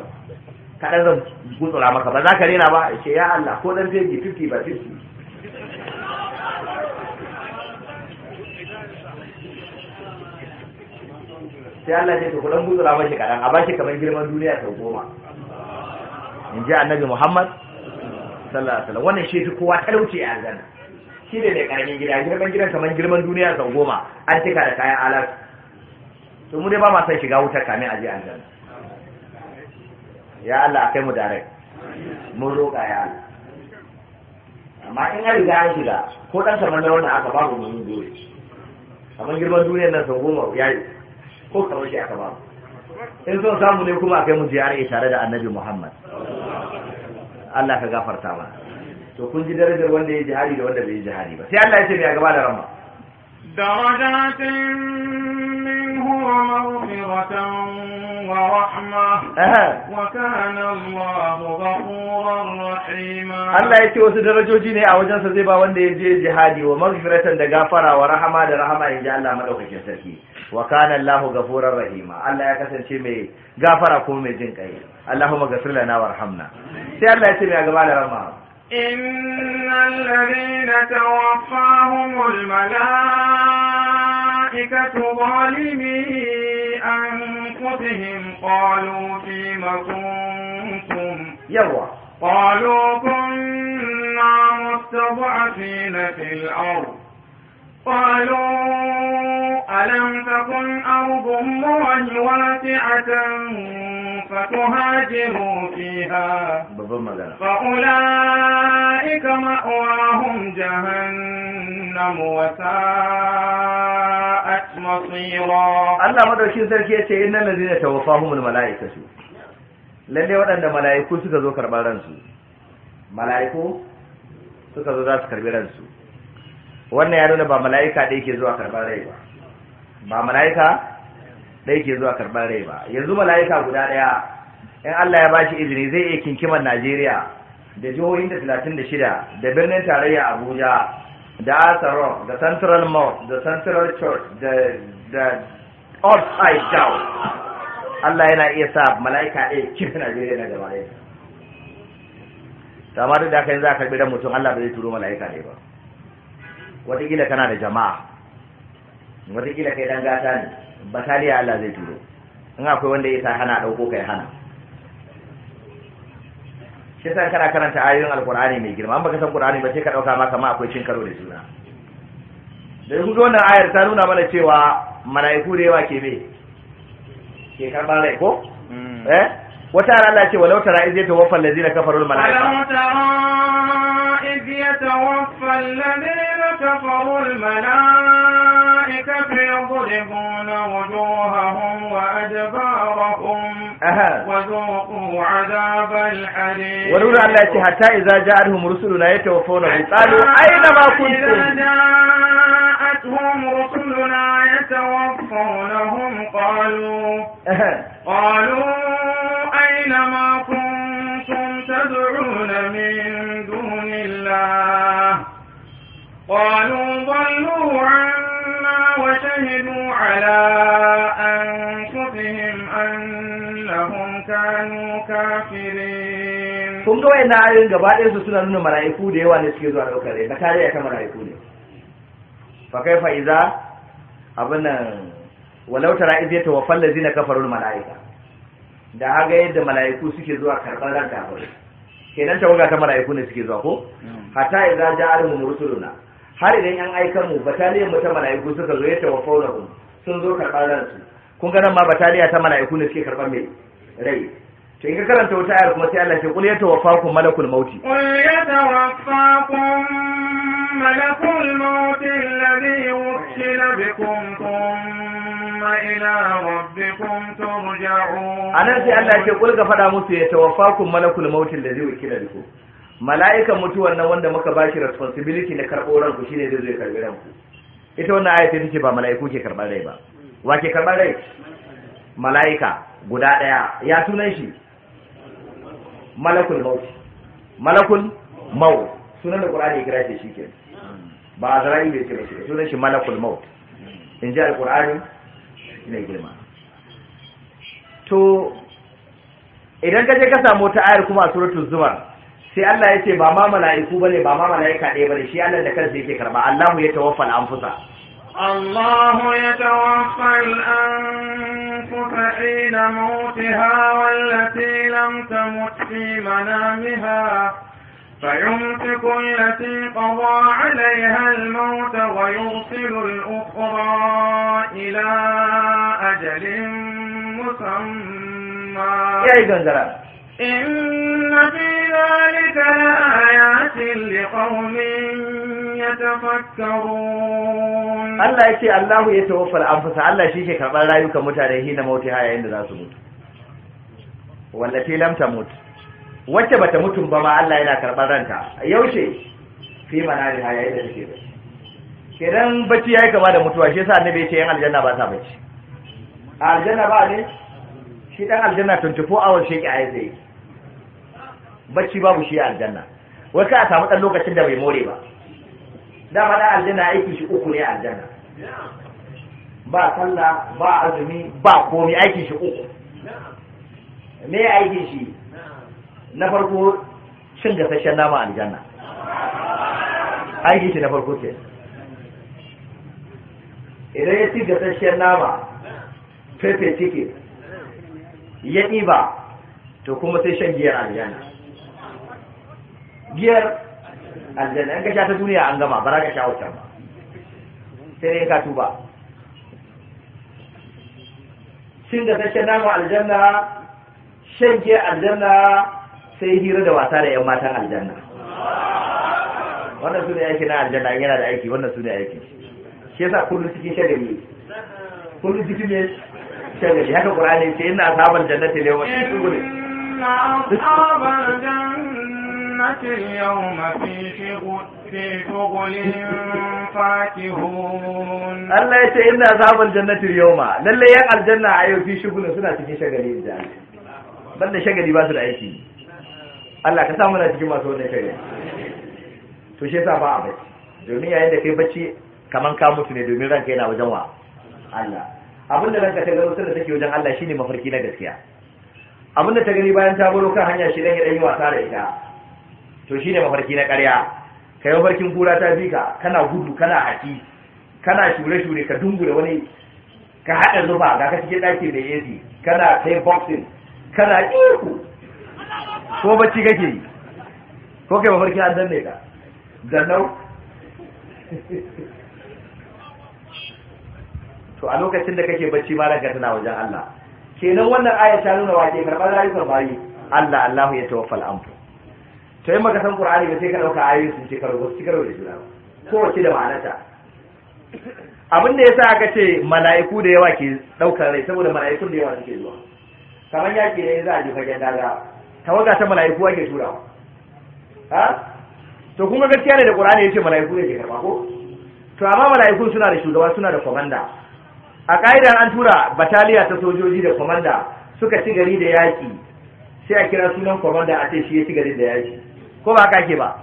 kaɗan zan gutsura maka ba za ka rena ba ce ya Allah ko dan fegi 50 ba 50 sai Allah ce to ku dan gutsura mashi kaɗan a bashi kamar girman duniya sau goma in ji annabi Muhammad sallallahu alaihi wasallam wannan shi kowa talauci a aljanna shi ne mai karamin gida girman gidan kamar girman duniya sau goma an cika da kayan alat to mu dai ba ma son shiga wutar kamin an aljanna ya Allah kai mu dare mun roƙa ya Allah amma in an riga an shiga ko dan kamar na wannan aka babu mun dole kamar girman duniyar nan sau goma ya yi ko kamar shi aka babu in son samu ne kuma a kai mu ziyara tare da annabi Muhammad Allah ka gafarta mana to kun ji darajar wanda ya jihadi da wanda bai jihadi ba sai Allah ya ce mai gaba da ramma
darajatin minhu wa maghfiratan wa rahma wa kana Allahu ghafurar rahima Allah ya ce wasu darajoji
ne a wajen sa zai ba wanda ya je jihadi wa maghfiratan da gafara wa rahama da rahama in ji Allah madaukakin sarki wa kana Allahu ghafurar rahima Allah ya kasance mai gafara ko mai jin kai Allahumma ghfir lana warhamna sai Allah ya ce mai gaba da rahma
إن الذين توفاهم الملائكة ظالمي أنفسهم قالوا فيم كنتم قالوا كنا مستضعفين في الأرض قالوا ألم تكن أرض الله واسعة فتهاجروا فيها فأولئك مأواهم جهنم وساء
Allah madaukin sarki ya ce innal ladina tawaffahum al malaikatu lalle wadanda malaiku suka zo karban ransu malaiku suka zo za su ransu wannan ya nuna ba mala'ika ɗai ke zuwa karɓar rai ba ba mala'ika ɗai ke zuwa karɓar rai ba yanzu mala'ika guda ɗaya in Allah ya bashi izini zai iya kinkimar Najeriya da jihohin da talatin da shida da birnin tarayya Abuja da Asarok da Central Mosque da Central Church da da upside down Allah yana iya sa mala'ika ɗaya kinkimar Najeriya na gaba ɗaya. Tama duk da yi za a karɓi dan mutum Allah bai turo mala'ika ɗai ba. Watakila kana da jama'a Watakila kai dan gata ne bataliya Allah zai turo in akwai wanda ya sa hana ɗauko kai hana shi sa kana karanta ayoyin alkur'ani mai girma an baka san qur'ani ba sai ka ɗauka ma akwai cin karo da juna da hudu wannan ayar ta nuna mana cewa mala'iku da yawa ke me ke karɓar rai ko hmm. eh wata Allah ce walau tara iz yatawaffa allazina kafaru al mala'ika walau
tara iz yatawaffa allazina كفروا الملائكة يضربون وجوههم وأدبارهم وذوقوا عذاب الحريق ولولا أن يأتي
حتى إذا جاءتهم رسلنا يتوفونهم
قالوا
أين ما كنتم إذا
جاءتهم رسلنا يتوفونهم قالوا قالوا أين ما كنتم تدعون من دون الله قالوا ضلوا عنا وشهدوا على أنفسهم أنهم كانوا كافرين
kun ga wayannan ayoyin gaba ɗaya su suna nuna mala'iku da yawa ne suke zuwa ɗaukar rai na kariya ta mala'iku ne fa kai fa iza abin nan walau tara iz ya tawaffal ladina kafaru mala'ika da haga yadda mala'iku suke zuwa karɓar ran kafirai kenan ta tawaga ta mala'iku ne suke zuwa ko hmm. hatta idza ja'alhum rusuluna har idan yan aika mu bataliyan mu ta mala'iku suka zo ya tawaffau na sun zo karɓar ransu kun ga nan ma bataliya ta mala'iku ne suke karɓar mai rai to in ka karanta wata ayar kuma sai Allah ya ce qul yatawaffakum malakul ya
qul yatawaffakum malakul mauti alladhi wukkila bikum thumma ila rabbikum turja'un anan sai Allah ya ce qul ga
fada musu yatawaffakum malakul mauti alladhi wukkila bikum mala'ikan mutuwan nan wanda muka bashi responsibility na karɓo ranku shine zai zo ya karɓi ranku ita wannan aya ta ce ba mala'iku ke karɓar rai ba wa ke karɓar rai mala'ika guda ɗaya ya sunan shi malakul maut malakul maut sunan da qur'ani kira shi ke. ba azrail bai kira shi sunan shi malakul maut in ji alqur'ani ne girma to idan ka je ka samu ta ayar kuma a suratul zumar sai Allah yake ba ma mala'iku bane ba ma mala'ika ɗaya bane shi Allah da kansa yake karɓa. Allah mu ya tawaffal anfusa
Allah ya tawaffal anfusa ina mautaha wallati lam tamut fi manamiha
Fayyumtukun
lati ƙawa a layihar mauta wa yi wasu ila ajalin musamman. Ya yi إن في ذلك لآيات لقوم يتفكرون Allah
ya ce Allahu ya tawaffal anfusa Allah shi ke karɓar rayuka mutane hina mauti ha yayin da za su mutu wallati lam tamut wacce bata mutu ba ma Allah yana karɓar ranta yaushe fi manari ha yayin da take ba kidan bacci yayi kama da mutuwa shi yasa annabi ya ce yan aljanna ba sa bacci aljanna ba ne shi dan aljanna 24 hours shi ke ayi bacci babu shi a aljanna wai ka samu dan lokacin da bai more ba dama da aljanna aiki shi uku ne a aljanna ba sallah ba azumi ba komai aiki shi uku me aiki shi na farko cin gasasshen nama aljanna aiki shi na farko ke idan ya ci gasasshen nama fefe ciki ya ɗiba to kuma sai shan giyar aljanna biyar aljanna in ka sha ta duniya an gama ba za ka sha wata ba sai dai ka tuba shin da sashen namu aljanna shan ke aljanna sai hira da wasa da 'yan matan aljanna wannan su ne aiki na aljanna in yana da aiki wannan su ne aiki shi yasa kullum cikin shagali kullum cikin ne shagali haka qur'ani ce ina sabon jannati la yawma yaqulu
inna ashabal jannati الجنة اليوم في شغل في شغل فاكهون الله يتي
إن أصحاب الجنة اليوم للي يقع الجنة أيو في شغل سنة في شغل banda shagali ba su da aiki Allah ka samu na cikin masu wannan shagali to shi yasa ba a bacci domin yayin da kai bacci kaman ka mutu ne domin ranka yana wajen wa Allah abin da ranka ta gano da take wajen Allah shine mafarki na gaskiya abin da ta gani bayan ta baro kan hanya shi dan ya dan yi wasa da ita to shine mafarki na ƙarya kai mafarkin kura ta bi kana gudu kana haki kana shure shure ka dungure wani ka haɗa zuba ga ka cikin ɗaki da yesi kana kai boxing kana ihu ko bacci kake yi ko kai mafarki an danne ka dannau to a lokacin da kake bacci ma ranka tana wajen Allah kenan wannan aya ta nuna wa ke karɓar rayuwar bayi Allah Allah ya tawaffal Amfu. ta yi baka san qur'ani ba sai ka ɗauka ayoyin sun ce karo su karo da juna ba kowace da ma'anata. abin da sa aka ce mala'iku da yawa ke ɗaukar rai saboda mala'ikun da yawa suke zuwa kamar yaƙi ne za a je fagen daga tawaga ta mala'iku ake turawa ha to kuma gaskiya ne da ya ce mala'iku ne ke karɓa ko to amma mala'ikun suna da shugaba suna da komanda a ƙa'idar an tura bataliya ta sojoji da komanda suka ci gari da yaƙi, sai a kira sunan komanda a ce shi ya ci gari da yaƙi. ko ba kake ke ba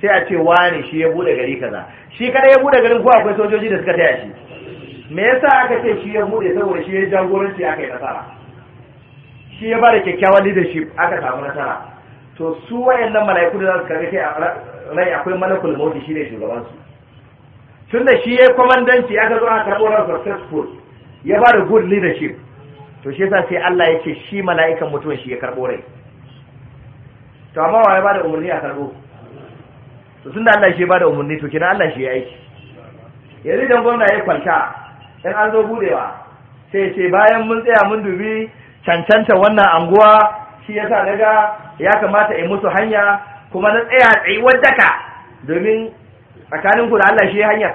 sai a ce wani shi ya bude gari kaza shi kada ya bude garin ko akwai sojoji da suka taya shi me yasa aka ce shi ya bude saboda shi ya jagoranci aka yi nasara shi ya bada kyakkyawan leadership aka samu nasara to su wayannan mala'iku da za su karbi kai rai akwai malakul mauti shi ne shugaban su tun da shi ya kwamandanci aka zo aka karɓo ran successful ya bada good leadership to shi yasa sai Allah ya ce shi mala'ikan mutuwan shi ya karɓo rai to amma wa ya bada umarni a karbo to tun da Allah shi ya bada umarni to kina Allah shi ya yi yanzu idan gwamna ya kwanta in an zo budewa sai ce bayan mun tsaya mun dubi cancanta wannan anguwa shi yasa ga, ya kamata in musu hanya kuma na tsaya tsayi wadaka domin tsakanin ku da Allah shi hanya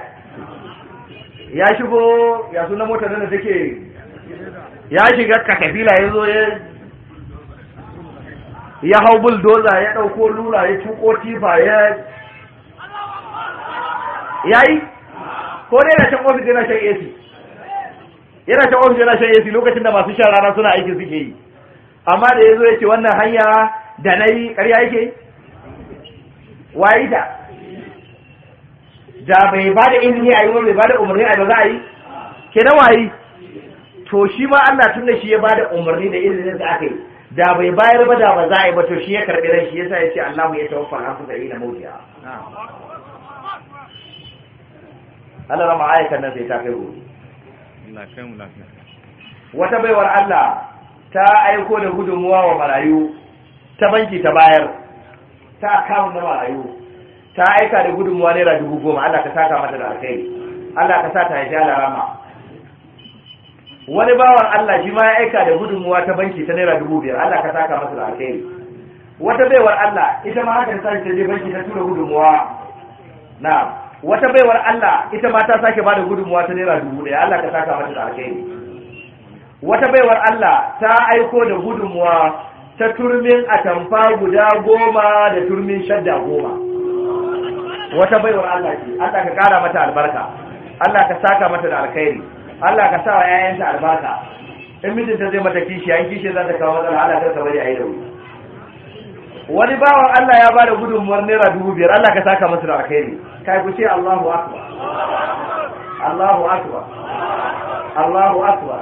ya shigo ya suna motar
da take ya shiga kakafila ya zo ya ya hau buldoza ya ɗauko lura ya tuko tifa ya yayi ko dai yana can ofis yana shan AC
yana can ofis yana shan AC lokacin da masu shan rana suna aiki suke yi amma da ya zo ya ce wannan hanya da na yi ƙarya yake wayi ta da bai ba da izini a yi ba bai ba da umarni a ba za a yi kenan wayi to shi ma Allah tun da shi ya ba da umarni da izinin da aka yi da bai bayar ba da ba za a yi ba to shi ya karbi ran shi yasa ya ce ya tawaffa na Allah rama ayatan nan sai ta kai gobe wata baiwar Allah ta aiko da gudunmuwa wa marayu ta banki ta bayar ta akawun na marayu ta aika da gudunmuwa naira dubu goma Allah ka saka mata da alkhairi Allah ka sa ta ya ja rama wani bawan Allah shi ma ya aika da gudunmuwa ta banki ta naira dubu biyar Allah ka saka masa da alkhairi wata baiwar Allah ita ma haka ta je banki ta tura gudunmuwa na wata baiwar Allah ita ma ta sake bada gudunmuwa ta naira dubu ɗaya Allah ka saka masa da alkhairi wata baiwar Allah ta aiko da gudunmuwa ta turmin atamfa guda goma da turmin shadda goma wata baiwar Allah ce Allah ka kara mata albarka Allah ka saka mata da alkhairi Allah ka sa wa ƴaƴansa albarka in mijinta zai mata kishi an kishi za ta kawo matsala Allah kar ka bari a yi da wuri wani bawan Allah ya bada gudunmuwar naira dubu biyar Allah ka saka masu da ne kai ku ce Allahu akbar Allahu akbar Allahu akbar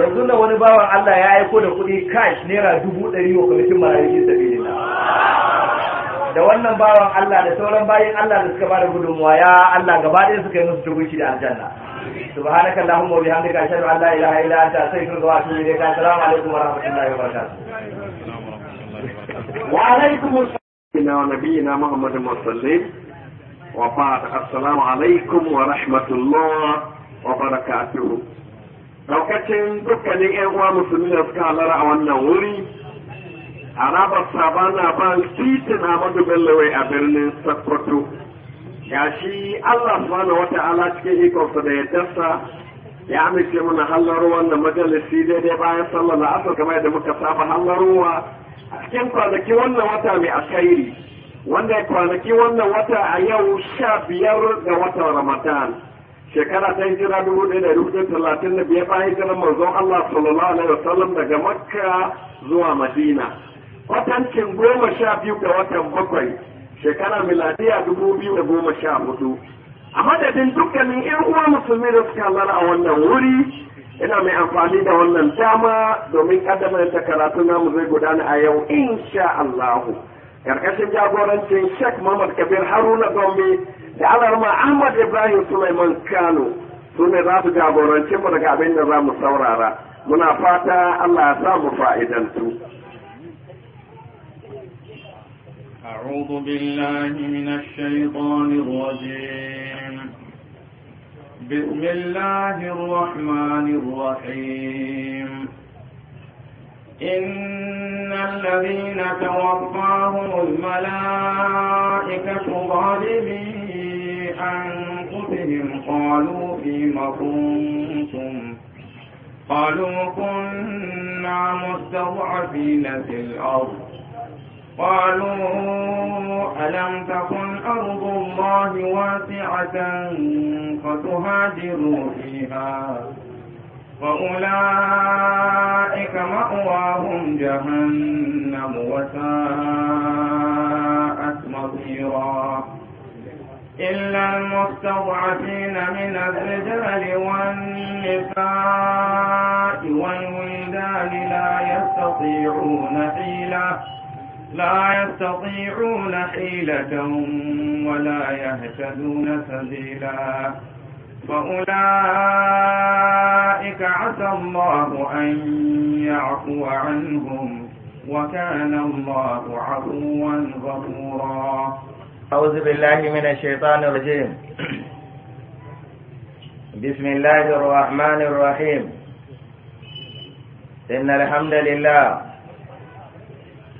yanzu da wani bawan Allah ya aiko da kuɗi cash naira dubu ɗari wa kwamitin marayu fi sabili da wannan bawan Allah da sauran bayin Allah da suka bada gudunmuwa ya Allah gaba ɗaya suka yi musu tubuci da aljanna subhanaka allahumma wa bihamdika ashhadu an la ilaha illa anta astaghfiruka wa atubu ilayk assalamu alaikum wa rahmatullahi wa
barakatuh wa alaikum assalam wa nabiyina muhammad sallallahu wa ba'd assalamu alaikum wa rahmatullahi wa barakatuh daukacin dukkanin ƴan uwa musulmi da suka halara a wannan wuri a rabar sabana ba titin Ahmadu Bello wai a birnin Sokoto. Ya shi Allah subhanahu wata ala cikin ikonsa da ya dasa ya amince mana hallar wannan majalisi daidai bayan sallar asar kamar yadda muka saba hallarwa a cikin kwanaki wannan wata mai alkhairi wanda kwanaki wannan wata a yau sha biyar ga watan Ramadan. shekara ta hijira dubu ɗaya da dubu talatin da biyar bayan hijirar manzon Allah sallallahu alaihi wasallam daga Makka zuwa Madina. watancin goma sha biyu da watan bakwai shekara miladiya dubu biyu da goma sha hudu a madadin dukkanin yan uwa musulmi da suka lara a wannan wuri ina mai amfani da wannan dama domin kaddamar da karatu namu zai gudana a yau insha Allahu karkashin jagorancin Sheikh Muhammad Kabir Haruna Gombe da Alarma Ahmad Ibrahim Sulaiman Kano su ne za su jagoranci mu daga abin da za mu saurara muna fata Allah ya sa samu fa'idantu
أعوذ بالله من الشيطان الرجيم بسم الله الرحمن الرحيم إن الذين توفاهم الملائكة ظالمي أنفسهم قالوا فيما كنتم قالوا كنا مستضعفين في
الأرض
قالوا ألم تكن أرض الله واسعة فتهاجروا فيها فأولئك مأواهم جهنم وساءت مصيرا إلا المستضعفين من الرجال والنساء والولدان لا يستطيعون حيلة لا يستطيعون حيلة ولا يهتدون سبيلا فأولئك عسى الله أن يعفو عنهم
وكان الله عفوا غفورا أعوذ بالله من الشيطان الرجيم بسم الله الرحمن الرحيم إن الحمد لله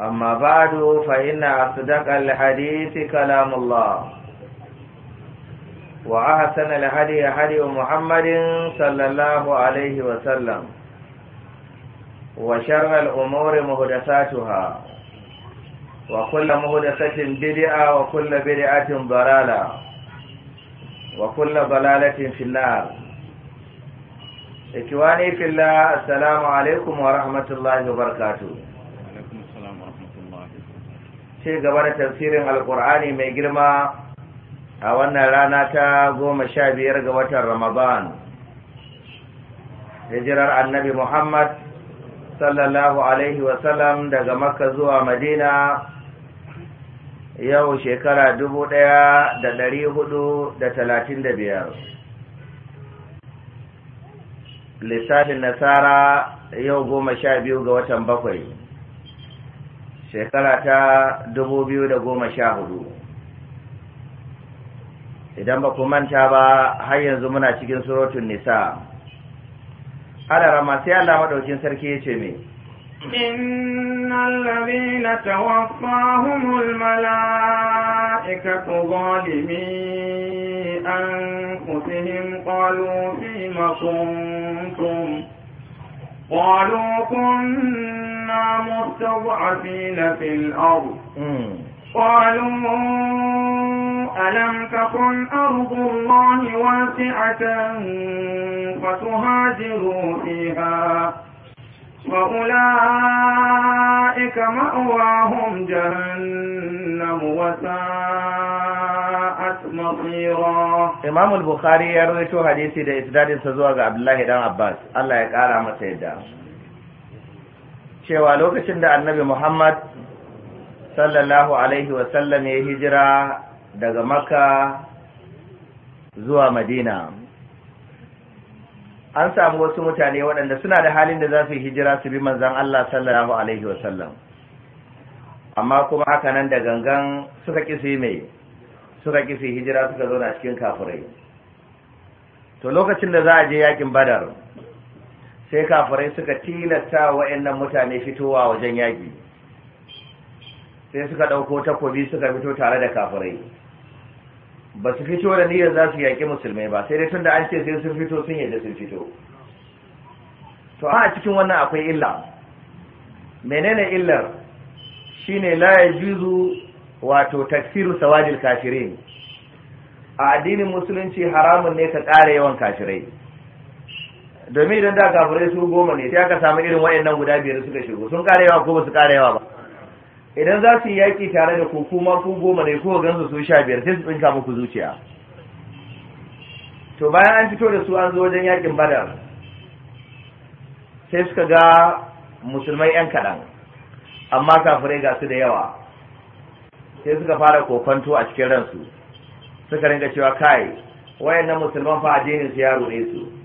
أما بعد فإن أصدق الحديث كلام الله وأحسن الهدي هدي محمد صلى الله عليه وسلم وشر الأمور مهدساتها وكل مهدسة بدعة وكل بدعة ضلالة وكل ضلالة في النار إخواني في الله السلام عليكم ورحمة الله وبركاته ce gaba da tafsirin alkur'ani mai girma a wannan rana ta goma sha biyar ga watan ramadan hijirar annabi muhammad sallallahu alaihi wasallam daga makka zuwa madina yau shekara dubu ɗaya da ɗari hudu da talatin da biyar lissafin nasara yau goma sha biyu ga watan bakwai shekara ta dubu biyu da goma sha hudu idan ba ku manta ba har yanzu muna cikin surutun nisa rama sai Allah maɗaukin sarki ya ce mai
إن الذين an الملائكة ظالمي أنفسهم fi فيم tun قالوا kun مستضعفين في الأرض قالوا ألم تكن أرض الله واسعة فتهاجروا فيها وأولئك مأواهم جهنم وساء
Imam Bukhari ya rubuto hadisi da isnadinsa zuwa ga Abdullahi dan Abbas Allah ya kara masa yadda. cewa lokacin da annabi Muhammad sallallahu Alaihi wasallam ya hijira daga Makka zuwa Madina. An samu wasu mutane waɗanda suna da halin da za su hijira su bi manzan Allah sallallahu Alaihi wasallam. Amma kuma haka nan da gangan suka ƙi su mai, suka ƙi su hijira suka zauna cikin kafurai, To lokacin da za a je yakin Badar. sai kafirai suka tilasta wa'annan mutane fitowa wajen yaƙi sai suka ɗauko takobi suka fito tare da kafirai ba su fito da niyyar za su yaƙi musulmai ba sai dai tun da an ce sai sun fito sun yadda sun fito to a cikin wannan akwai illa menene illar shine la yajuzu wato takfiru sawadil kafirin a addinin musulunci haramun ne ka ƙara yawan kafirai domin idan da kafirai su goma ne sai aka samu irin wayannan guda biyar suka shigo sun ƙara yawa ko ba su ƙara yawa ba idan za su yi yaƙi tare da ku ko goma ne ko gansu su sha biyar sai su tsinka muku zuciya to bayan an fito da su an zo wajen yaƙin badar sai suka ga musulmai yan kaɗan amma kafirai ga su da yawa sai suka fara kokonto a cikin ransu suka ringa cewa kai wayannan musulman fa addinin su ya rune su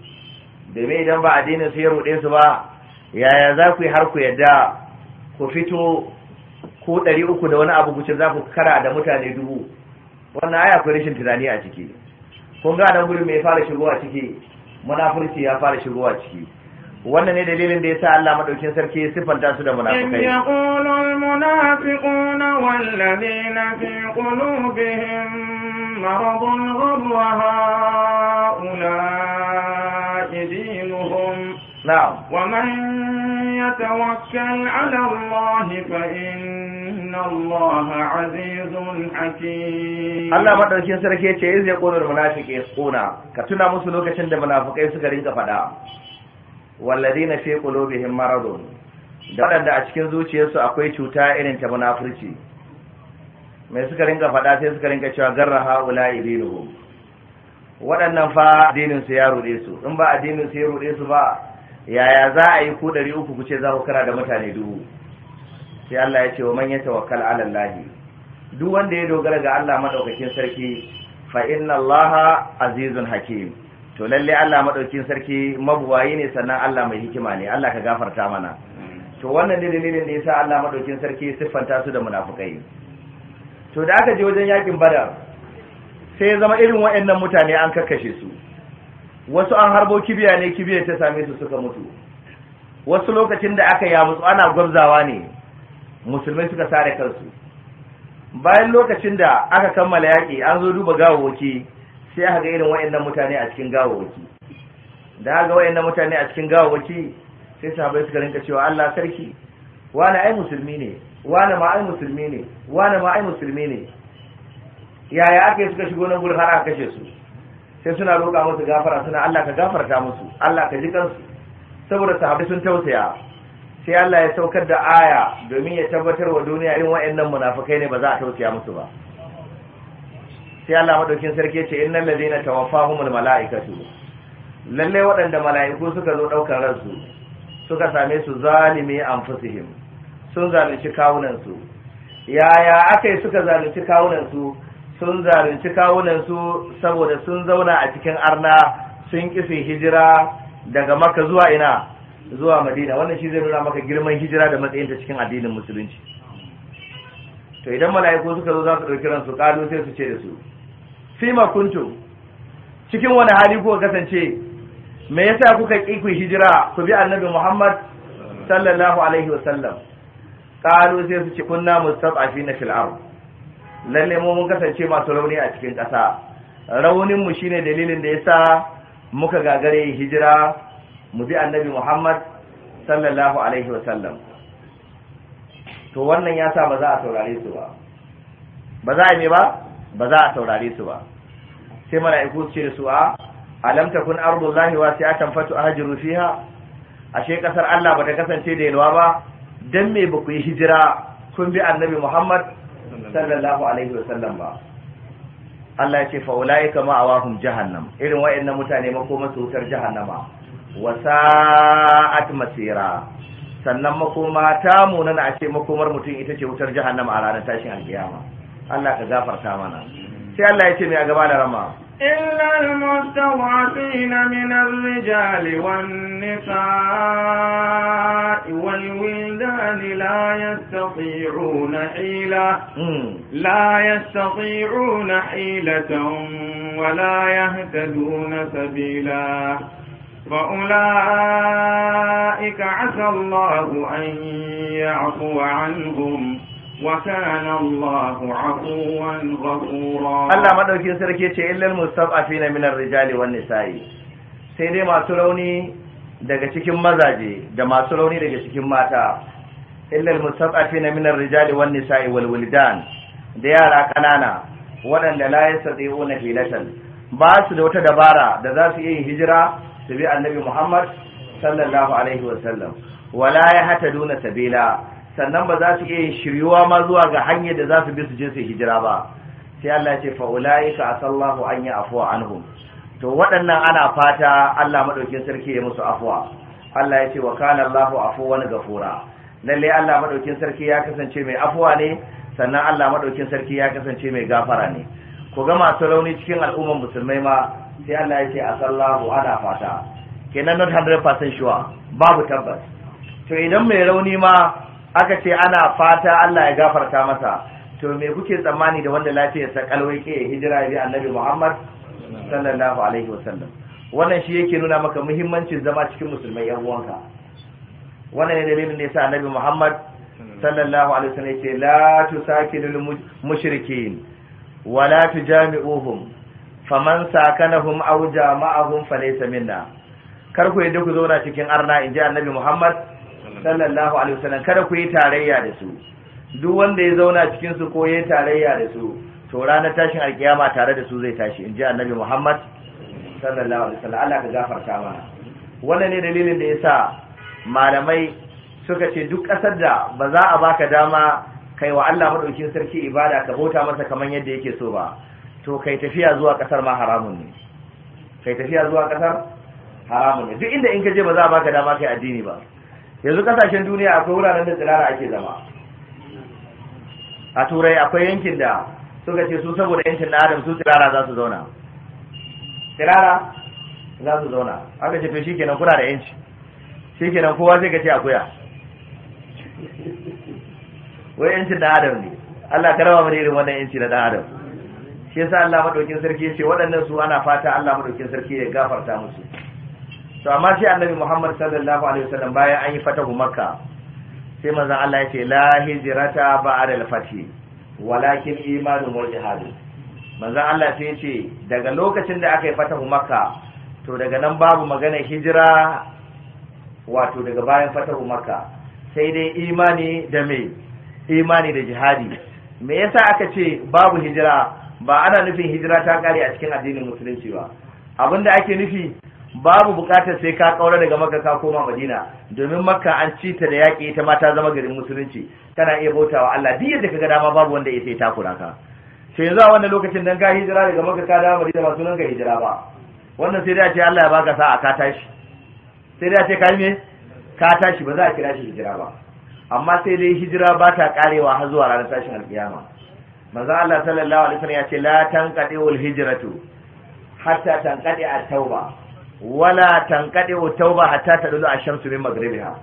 domin idan ba addinin su ya ruɗe su ba yaya za ku yi har ku yadda ku fito ko ɗari uku da wani abu guce za ku kara da mutane dubu wannan aya ku rashin tunani a ciki kun ga nan gurin mai fara shigowa ciki munafurci ya fara shigowa ciki wannan ne dalilin da yasa Allah madaukin sarki ya sifanta su da munafikai ya
al munafiquna ladina fi qulubihim maradun ghadwa haula'i Wannan ya tawakan alama nifa innan azizun aji. Allah
maɗaukin Sarki yace, ya je, 'Ko na da munafurci ke kuna, ka tuna musu lokacin da munafukai suka rinka fada Wanne Lina sheƙulo bihin Maradon? Da waɗanda a cikin zuciyarsu akwai cuta irin ta munafurci? Mai suka rinka faɗa sai suka rinka cewa garraha wula ya biyo. Waɗannan fa a addininsu ya rude su, in ba addininsu ya rude su ba. yaya za a yi ku ɗari uku kuce za ku kara da mutane dubu sai Allah ya ce wa man yatawakkal ala Allah duk wanda ya dogara ga Allah madaukakin sarki fa inna Allah azizun hakim to lalle Allah madaukakin sarki mabuwayi ne sannan Allah mai hikima ne Allah ka gafarta mana to wannan ne dalilin da yasa Allah madaukakin sarki siffanta su da munafukai to da aka je wajen yakin badar sai ya zama irin waɗannan mutane an kakkashe su wasu an harbo kibiya ne kibiya ta same su suka mutu wasu lokacin da aka ya mutu ana gwabzawa ne musulmai suka sare kansu bayan lokacin da aka kammala yaƙi an zo duba gawawaki sai aka ga irin waɗannan mutane a cikin gawawaki da aka ga waɗannan mutane a cikin gawawaki sai sahabbai suka rinka cewa Allah sarki wani ai musulmi ne wani ma ai musulmi ne wani ma ai musulmi ne yaya aka yi suka shigo nan gurin har aka kashe su sai suna roƙa musu gafara suna Allah ka gafarta musu Allah ka ji kansu saboda sahabbai sun tausaya sai Allah ya saukar da aya domin ya tabbatar wa duniya irin waɗannan munafukai ne ba za a tausaya musu ba sai Allah madaukin sarki ya ce innal ladina tawaffahumul malaikatu lalle waɗanda mala'iku suka zo ɗaukar ransu suka same su zalimi anfusihim sun zalunci kawunan su. yaya akai suka zalunci kawunan su? sun zalunci kawunansu saboda sun zauna a cikin arna sun kife hijira daga maka zuwa ina zuwa madina wannan shi zai nuna maka girman hijira da matsayin ta cikin addinin musulunci to idan mala'iku suka zo za su ɗauki ransu ƙalu sai su ce da su fima kuntu cikin wani hali kuka kasance me yasa kuka ƙi ku hijira ku bi annabi muhammad sallallahu alaihi wa sallam ƙalu sai su ce kunna mustad'afina na ard lalle mu mun kasance masu rauni a cikin ƙasa raunin mu shine dalilin da yasa muka gagare hijira mu bi annabi Muhammad sallallahu alaihi wa sallam to wannan yasa ba za a saurare su ba ba za a yi ba ba za a saurare su ba sai mala'iku su ce da su a alam takun ardullahi wasi'atan fatu ahajiru fiha ashe kasar Allah ba ta kasance da yalwa ba dan me ba ku yi hijira kun bi annabi Muhammad sallallahu alaihi wasallam ba Allah ya ce fa ulaika ma'awahum jahannam irin wayannan mutane makomar su wutar jahannama wa sa'at masira sannan makoma ta munana a ce makomar mutum ita ce wutar jahannama a ranar tashin alkiyama Allah ka gafarta mana sai Allah ya ce mai a gaba da rama
إلا المستضعفين من الرجال والنساء والولدان لا يستطيعون حيلة لا يستطيعون حيلة ولا يهتدون سبيلا فأولئك عسى الله أن يعفو عنهم وكان الله عفوا
غفورا الله ما دوكي سركي ce illal mustad'afin min ar-rijali wani nisa'i sai dai masu rauni daga cikin mazaje da masu rauni daga cikin mata illal mustad'afin na minar rijali wan nisa'i wal wildan da yara kanana waɗanda la na hilatan ba su da wata dabara da za su yi hijira su bi annabi Muhammad sallallahu alaihi wa sallam wala yahtaduna sabila sannan ba za su iya shiryuwa ma zuwa ga hanyar da za su bi su je su hijira ba sai Allah ya ce fa ka asallahu an ya afwa anhum to waɗannan ana fata Allah madaukin sarki ya musu afuwa. Allah ya ce wa kana gafura lalle Allah madaukin sarki ya kasance mai afuwa ne sannan Allah madaukin sarki ya kasance mai gafara ne ku ga masu rauni cikin al'ummar musulmai ma sai Allah ya ce asallahu ana fata kenan not 100% sure babu tabbas to idan mai rauni ma aka ce ana fata Allah ya gafarta masa to me kuke tsammani da wanda lafiyar sa kalwai ke hijira ya annabi Muhammad sallallahu alaihi wasallam wannan shi yake nuna maka muhimmancin zama cikin musulmai yan uwanka wannan ne dalilin da yasa annabi Muhammad sallallahu alaihi wasallam yake la tusakinul mushrikin wa la tujami'uhum faman sakanahum aw jama'ahum laysa minna kar ku yadda ku zauna cikin arna inji annabi Muhammad sallallahu alaihi wasallam kada ku yi tarayya da su duk wanda ya zauna cikin su ko ya tarayya da su to ranar tashin alkiyama tare da su zai tashi in ji annabi Muhammad sallallahu alaihi wasallam Allah ka gafarta mana wannan ne dalilin da yasa malamai suka ce duk kasar da ba za a baka dama kai wa Allah madaukin sarki ibada ka bauta masa kaman yadda yake so ba to kai tafiya zuwa kasar ma haramun ne kai tafiya zuwa kasar haramun ne duk inda in ka je ba za a baka dama kai addini ba yanzu kasashen duniya akwai wuraren da tsirara ake zama a turai akwai yankin da suka ce su saboda yankin na adam su tsirara za su zauna tsirara za su zauna aka ce to shi kenan kuna da yanci shi kenan kowa zai ka ce akuya wai yancin na adam ne Allah ka raba mana irin wannan yanci na dan adam shi yasa Allah madaukin sarki ya ce waɗannan su ana fata Allah madaukin sarki ya gafarta musu to amma sai annabi Muhammad sallallahu alaihi wasallam bayan an yi fatahu makka sai manzon Allah ya ce la hijrata ba'da al-fath walakin imanu wal jihad manzon Allah sai ya ce daga lokacin da aka yi fatahu makka to daga nan babu magana hijira wato daga bayan fatahu makka sai dai imani da me imani da jihadi me yasa aka ce babu hijira ba ana nufin hijira ta kare a cikin addinin musulunci ba abinda ake nufi babu bukatar sai ka kaura daga makka ka koma madina domin makka an ci ta da yaƙi ta mata zama garin musulunci tana iya bautawa Allah duk yadda kaga dama babu wanda ya sai kura ka sai yanzu a wannan lokacin dan ka hijira daga makka ka dawo madina ba sunan ka hijira ba wannan sai dai a ce Allah ya baka sa'a ka tashi sai dai a ce ka yi me ka tashi ba za a kira shi hijira ba amma sai dai hijira ba ta karewa har zuwa ranar tashin alkiyama manzo Allah sallallahu alaihi wasallam ya ce la tanqadi wal hijratu hatta tanqadi at-tauba wala tankade wa tauba hatta tadulu a shamsu min maghribiha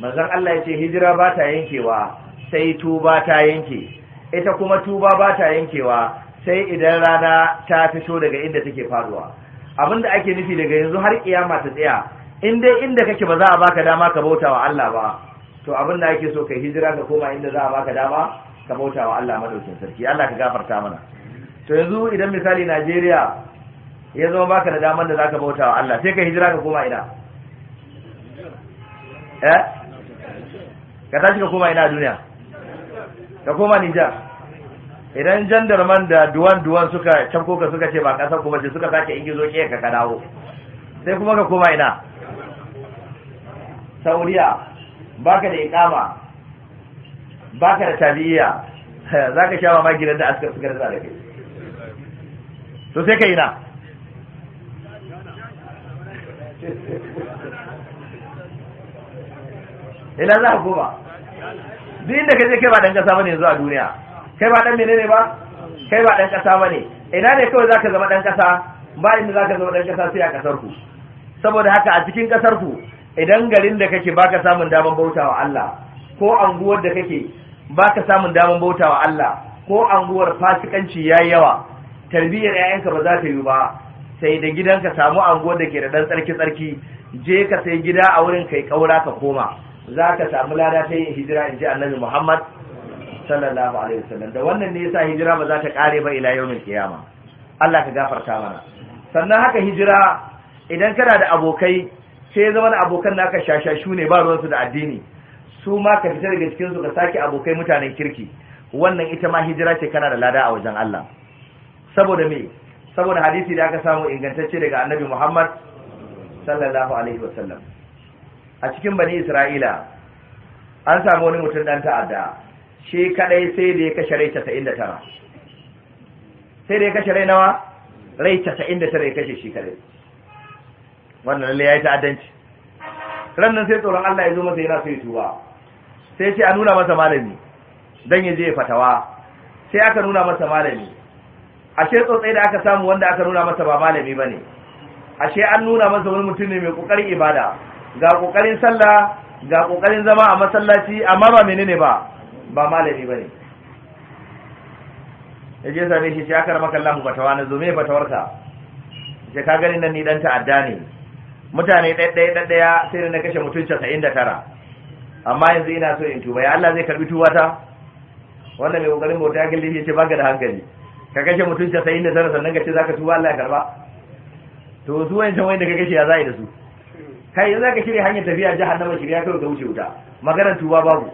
manzon Allah yace hijira ba ta yankewa sai tuba ta yanke ita kuma tuba ba ta yankewa sai idan rana ta fito daga inda take faruwa abinda ake nufi daga yanzu har kiyama ta tsaya in dai inda kake ba za a baka dama ka bauta wa Allah ba to abin ake so kai hijira ka koma inda za a baka dama ka bauta wa Allah madaukin sarki Allah ka gafarta mana to yanzu idan misali Najeriya ya zama baka da damar da zaka bauta wa Allah sai ka hijira ka koma ina eh ka tashi ka koma ina a duniya ka koma Nijar idan jandarman da duwan duwan suka canko ka suka ce ba kasar kuma ce suka sake ingizo ke ka ka dawo sai kuma ka koma ina sauriya baka da ikama baka da tabiya zaka sha mamaki da askar suka da kai to sai ka ina ina za ka koma duk inda ka je kai ba dan kasa bane yanzu a duniya kai ba dan menene ba kai ba dan kasa bane ina ne kawai zaka zama dan kasa ba inda zaka zama dan kasa sai a kasar ku saboda haka a cikin kasar ku idan garin da kake baka samun daman bautawa Allah ko anguwar da kake baka samun daman bautawa Allah ko anguwar fasikanci yayi yawa tarbiyyar 'ya'yanka ba za ta yi ba sai da gidan ka samu anguwar da ke da dan tsarki tsarki je ka sai gida a wurin kai kaura ka koma za ka samu lada ta yin hijira in ji annabi muhammad sallallahu alaihi wasallam da wannan ne yasa hijira ba za ta kare ba ila yawmin kiyama Allah ka gafarta mana sannan haka hijira idan kana da abokai sai zama da abokan naka shashashu ne ba ruwansu da addini su ma ka fita daga cikin su ka sake abokai mutanen kirki wannan ita ma hijira ce kana da lada a wajen Allah saboda me saboda hadisi da aka samu ingantacce daga annabi Muhammad sallallahu alaihi wasallam a cikin bani Isra'ila an samu wani mutum dan ta'adda shi kadai sai da ya kashe rai 99 sai da ya kashe rai nawa rai 99 ya kashe shi kadai wannan lalle yayi ta'addanci rannan sai tsoron Allah ya zo masa yana so ya tuba sai ce a nuna masa malami dan ya je fatawa sai aka nuna masa malami ashe tsotsai da aka samu wanda aka nuna masa ba malami ba ne ashe an nuna masa wani mutum ne mai ƙoƙarin ibada ga ƙoƙarin sallah ga ƙoƙarin zama a masallaci amma ba menene ba ba malami ba ne ya same shi ya karama kallon fatawa na zo me fatawarka ce ka gani nan ni dan ta'adda ne mutane ɗaiɗaya ɗaiɗaya sai da na kashe mutum casa'in da tara amma yanzu ina so in tuba ya Allah zai karɓi tuwata wanda mai ƙoƙarin bauta ya gilli ya ce baka da hankali ka kashe mutum casa'in da zara sannan ka ce za ka tuba Allah ya karba to su wani wanda ka kashe ya yi da su kai yanzu ka shirya hanyar tafiya jahannama shirya kawai ka wuce wuta maganar tuba babu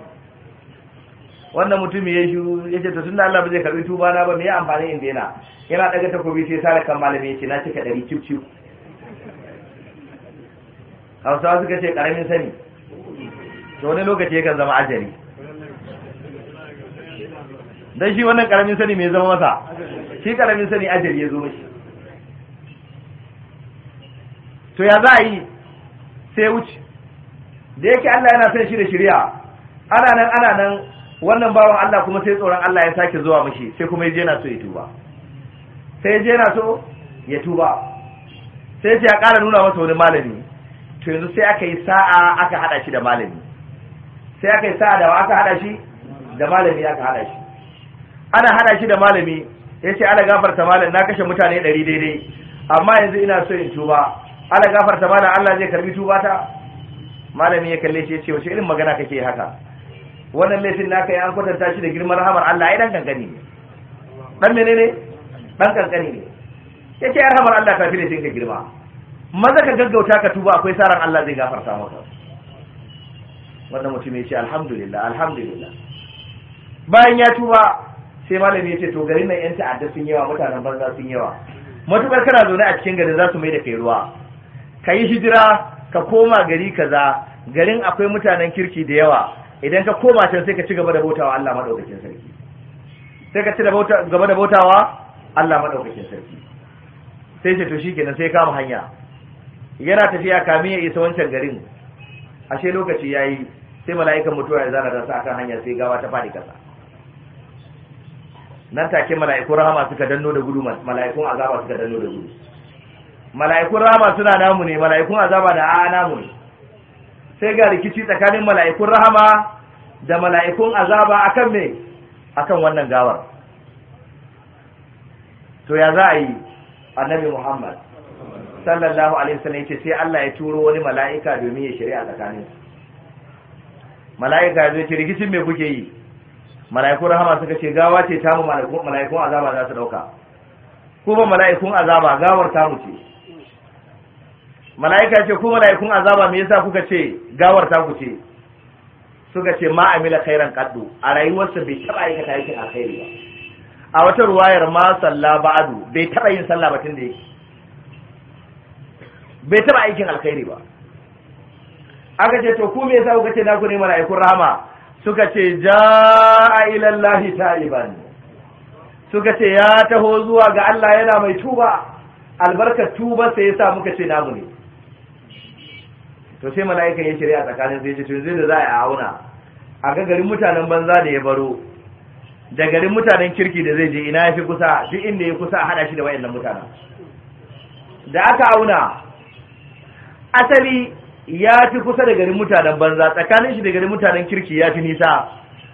wannan mutum ya shi ya ce to Allah ba zai karbi tuba na ba me ya amfani in daina yana daga takobi sai sare kan malami ya ce na cika ɗari cip cip Hausawa suka ce ƙaramin sani to wani lokaci yakan zama ajali dan shi wannan karamin sani mai zama masa shi karamin sani ajali ya zo mashi to ya za a yi sai wuce da yake Allah yana son shi da shirya ana nan ana nan wannan bawan Allah kuma sai tsoron Allah ya sake zuwa mashi sai kuma ya je na so ya tuba sai ya je na so ya tuba sai ya ƙara nuna masa wani malami to yanzu sai aka yi sa'a aka hada shi da malami sai aka yi sa'a da aka hada shi da malami aka hada shi ana hana shi da malami ya ce ana gafarta malam na kashe mutane ɗari daidai amma yanzu ina so in tuba ana gafarta malam Allah zai karbi tuba ta malami ya kalle shi ya ce wace irin magana kake haka wannan laifin naka ya an kwatanta shi da girman rahamar Allah ai dan kankani ne dan menene dan kankani ne yace ya rahamar Allah kafi laifin ka girma maza ka gaggauta ka tuba akwai saran Allah zai gafarta maka wannan mutum ya ce alhamdulillah alhamdulillah bayan ya tuba sai malami ya ce to garin nan yan ta'adda sun yawa mutanen banza sun yawa matukar kana zaune a cikin garin za su mai da kai ruwa ka yi hijira ka koma gari kaza garin akwai mutanen kirki da yawa idan ka koma can sai ka ci gaba da bautawa Allah madaukakin sarki sai ka ci gaba da bautawa Allah madaukakin sarki sai ce to shikenan sai kama hanya yana tafiya kamin ya isa wancan garin ashe lokaci yayi sai mala'ikan mutuwa ya zana da sa akan hanya sai gawa ta fadi kasa nan take mala'ikun rahama suka danno da gudu mala'ikun azaba suka danno da gudu mala'ikun rahama suna namu ne mala'ikun azaba da a namu ne sai ga rikici tsakanin mala'ikun rahama da mala'ikun azaba akan me akan wannan gawar to ya za a yi annabi muhammad sallallahu alaihi wasallam yace sai Allah ya turo wani mala'ika domin ya shari'a tsakanin mala'ika zai ce rikicin me kuke yi mala'ikun rahama suka ce gawa ce ta mu mala'ikun azaba za su dauka ko ba mala'ikun azaba gawar ta mu ce mala'ika ce ko mala'ikun azaba me yasa kuka ce gawar ta ku ce suka ce ma amila khairan qaddu a rayuwarsa bai taba aikata aikin alkhairi ba a wata ruwayar ma salla ba'du bai taba yin sallah ba tunda yake bai taba aikin alkhairi ba aka ce to ku me yasa kuka ce na ku ne mala'ikun rahama suka ce a ila Allah ta'iban suka ce ya taho zuwa ga Allah yana mai tuba albarkar tuba sai sa muka ce namu ne to sai mala'ikan ya shirya tsakanin sai ce tunzi zai da za a auna a ga garin mutanen banza da ya baro da garin mutanen kirki da zai je ina ya fi kusa duk inda ya kusa a hada shi da wayannan mutanen da aka auna asali ya fi kusa da garin mutanen banza tsakanin shi da garin mutanen kirki ya fi nisa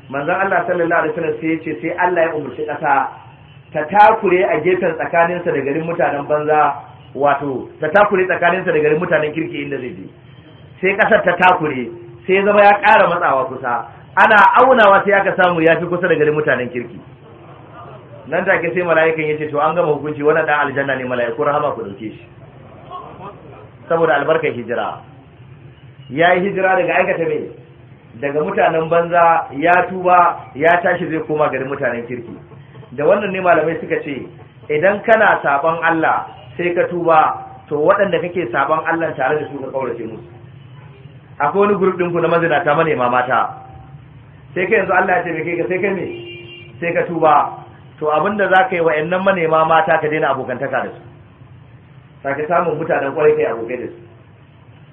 manzon Allah sallallahu alaihi wasallam sai yace sai Allah ya umarci kasa ta takure a gefen tsakaninsa da garin mutanen banza wato ta takure tsakaninsa da garin mutanen kirki inda zai je sai ƙasar ta takure sai zama ya ƙara matsawa kusa ana aunawa sai aka samu ya fi kusa da garin mutanen kirki nan take sai mala'ikan ya ce to an gama hukunci wannan dan aljanna ne mala'iku rahama ku dauke shi saboda albarkar hijira ya yi hijira daga aikata mai daga mutanen banza ya tuba ya tashi zai koma garin mutanen kirki da wannan ne malamai suka ce idan kana saban Allah sai ka tuba to waɗanda kake saban Allah tare da su ka kaurace musu akwai wani grup ɗinku na mazinata manema mata sai ka yanzu Allah ya ce kai ka sai ka me sai ka tuba to abinda za ka yi wa'annan manema mata ka daina abokantaka da su sake samun mutanen kwarai kai abokai da su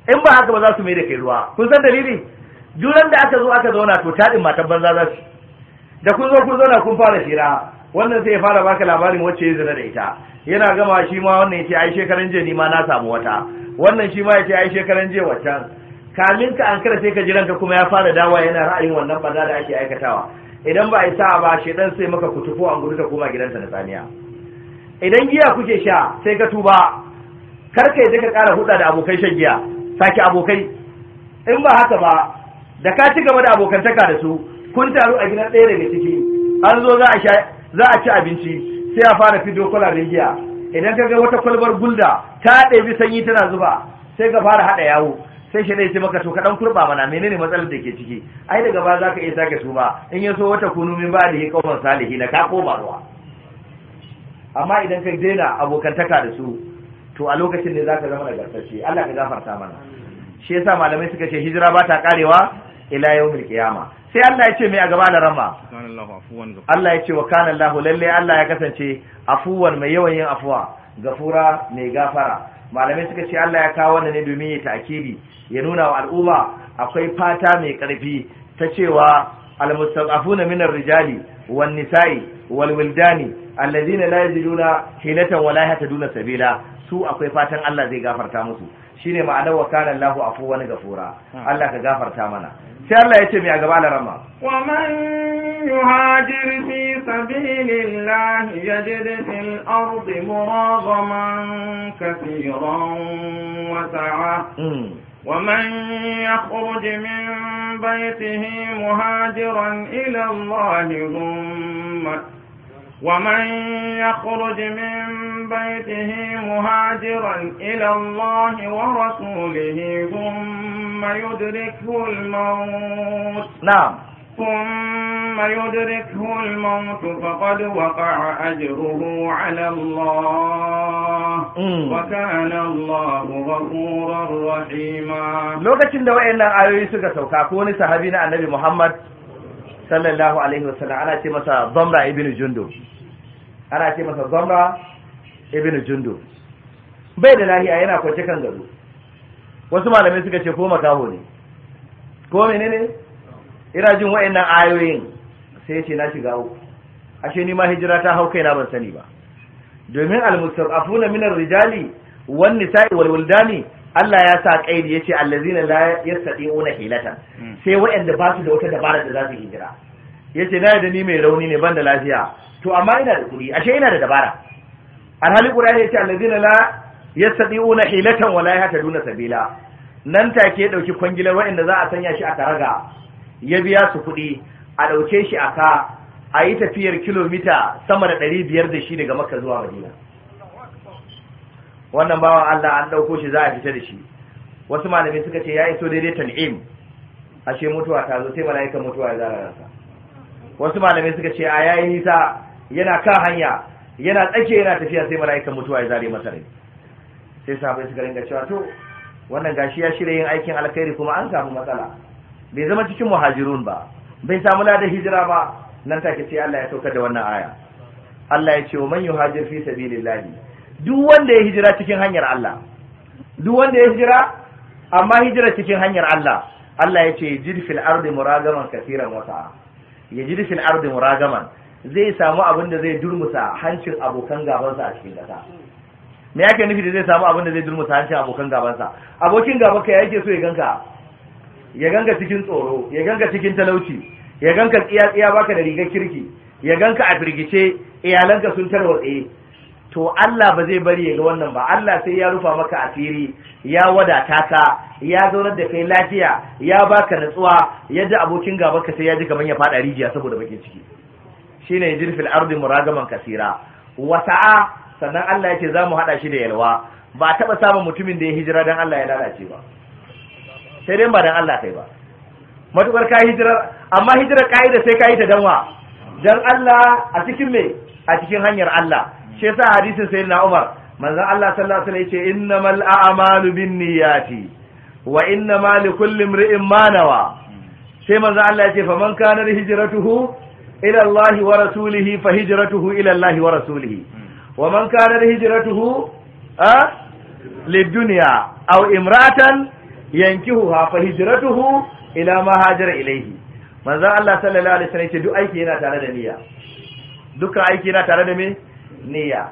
in ba haka ba za su mai da kai ruwa kun san dalili juran da aka zo aka zauna to taɗin matan banza za su da kun zo kun zauna kun fara shira wannan sai ya fara baka labarin wacce ya zina da ita yana gama shi ma wannan yace ai shekaran jiya ni ma na samu wata wannan shi ma yace ai shekaran jiya waccan kamin ka an kare sai ka jiran ka kuma ya fara dawa yana ra'ayin wannan banza da ake aikatawa idan ba a yi sa'a ba shedan sai maka kutufu an gudu ka koma gidansa da saniya idan giya kuke sha sai ka tuba kar ka je ka kara huda da abokai shan giya sake abokai in ba haka ba da ka ci gaba da abokantaka da su kun taru a gidan ɗaya daga ciki an zo za a ci abinci sai a fara fito kwalar giya idan ka ga wata kwalbar gulda ta ɗabi sanyi tana zuba sai ka fara haɗa yawo sai shi sai maka to ka ɗan kurba mana menene matsalar da ke ciki ai daga za ka iya sake tuba in ya so wata kunu min ba da kawon salihi na ka koma ruwa amma idan ka daina abokantaka da su to a lokacin ne zaka zama nagartacce Allah ka gafarta mana shi yasa malamai suka ce hijira ba ta karewa ila yawmil qiyama sai Allah ya ce mai a gaba da rama Allah ya ce wa kana Allah lalle Allah ya kasance afuwan mai yawan yin afuwa gafura mai gafara malamai suka ce Allah ya kawo wannan ne domin ya ta'kidi ya nuna wa al'umma akwai fata mai karfi ta cewa almustaqafuna mustadafuna min rijali wan-nisa'i wal-wildani alladhina la yajiduna hilatan wala la yahtaduna sabila su akwai fatan Allah zai gafarta musu shine ma'ana wa kana Allahu afuwan gafura hmm. Allah ka gafarta mana sai Allah ya ce mai a gaba da rama
wa man yuhajir fi sabilillahi yajid fil ardi muragaman kathiran wa sa'a ومن يخرج من بيته مهاجرا إلى الله ثم ومن يخرج من بيته مهاجرا إلى الله ورسوله ثم يدركه الموت نعم ثم يدركه الموت فقد وقع أجره على
الله وكان الله غفورا رحيما لو كنت لو إن آيوي سوكا سوكا كوني صحابينا النبي محمد sallallahu alaihi wasallam ana ce masa zamra ibn Jundu. ana ce masa zamra ibn Jundu. bai da lahiya yana kwace kan gado wasu malamai suka ce ko makaho ne ko menene ina jin wayannan ayoyin sai ce na shiga uku ashe ni ma hijira ta hau kaina ban sani ba domin al-mustafafuna min ar-rijali wan nisa'i wal wuldani Allah ya sa kaidi yace allazina la yastati'una hilata hmm. sai waɗanda ba su da wata dabara da za su hijira yace na da ni mai rauni ne banda lafiya to amma ina da kuɗi ashe ina da dabara alhali qur'ani yace allazina la yastati'una hilatan wala yahtaduna sabila nan take ya dauki kwangilar waɗanda za a sanya shi a karaga ya biya su kuɗi a dauke shi aka, ayi a yi tafiyar kilomita sama da ɗari biyar da shi daga Makka zuwa Madina wannan bawan Allah an ɗauko shi za a fita da shi wasu malami suka ce ya iso daidai tan'im ashe mutuwa ta zo sai mala'ikan mutuwa ya zara rasa wasu malami suka ce a yayi nisa yana kan hanya yana tsake yana tafiya sai mala'ikan mutuwa ya zare masa rai sai sahabbai suka ringa cewa to wannan gashi ya shirya yin aikin alkhairi kuma an samu matsala bai zama cikin muhajirun ba bai samu ladan hijira ba nan take sai Allah ya saukar da wannan aya Allah ya ce wa man yuhajir fi sabilillahi duk wanda ya hijira cikin hanyar Allah duk wanda ya hijira amma hijira cikin hanyar Allah Allah ya ce yajid fil ardi muragaman kaseeran wa sa'a yajid fil ardi muragaman zai samu abin da zai durmusa hancin abokan gabansa a cikin kasa me yake nufi da zai samu abin da zai durmusa hancin abokan gabansa abokin gaban ka yake so ya ganka ya ganka cikin tsoro ya ganka cikin talauci ya ganka tsiya tsiya baka da rigar kirki ya ganka a firgice iyalanka sun tarwatse to Allah ba zai bari ya ga wannan ba Allah sai ya rufa maka asiri ya wadata ka ya zaunar da kai lafiya ya baka natsuwa yadda abokin gaba ka sai ya ji kaman ya fada rijiya saboda baki ciki shine yajir fil ardi muragaman kasira wata'a sannan Allah yake zamu hada shi da yalwa ba taba samun mutumin da ya hijira dan Allah ya lalace ba sai dai ba dan Allah kai ba matukar ka hijirar amma hijirar ka'ida sai ka yi ta danwa dan Allah a cikin me a cikin hanyar Allah shi yasa hadisin na Umar manzo Allah sallallahu alaihi wasallam yace innamal a'malu binniyati wa innama kulli imri'in ma nawa sai manzo Allah yace faman kana hijratuhu ila Allah wa rasulihi fa hijratuhu ila Allah wa rasulihi wa man kana hijratuhu a lidunya aw imratan yankihu fa hijratuhu ila ma hajara ilayhi manzo Allah sallallahu alaihi wasallam yace duk aiki yana tare da niyya duka aiki yana tare da me niyya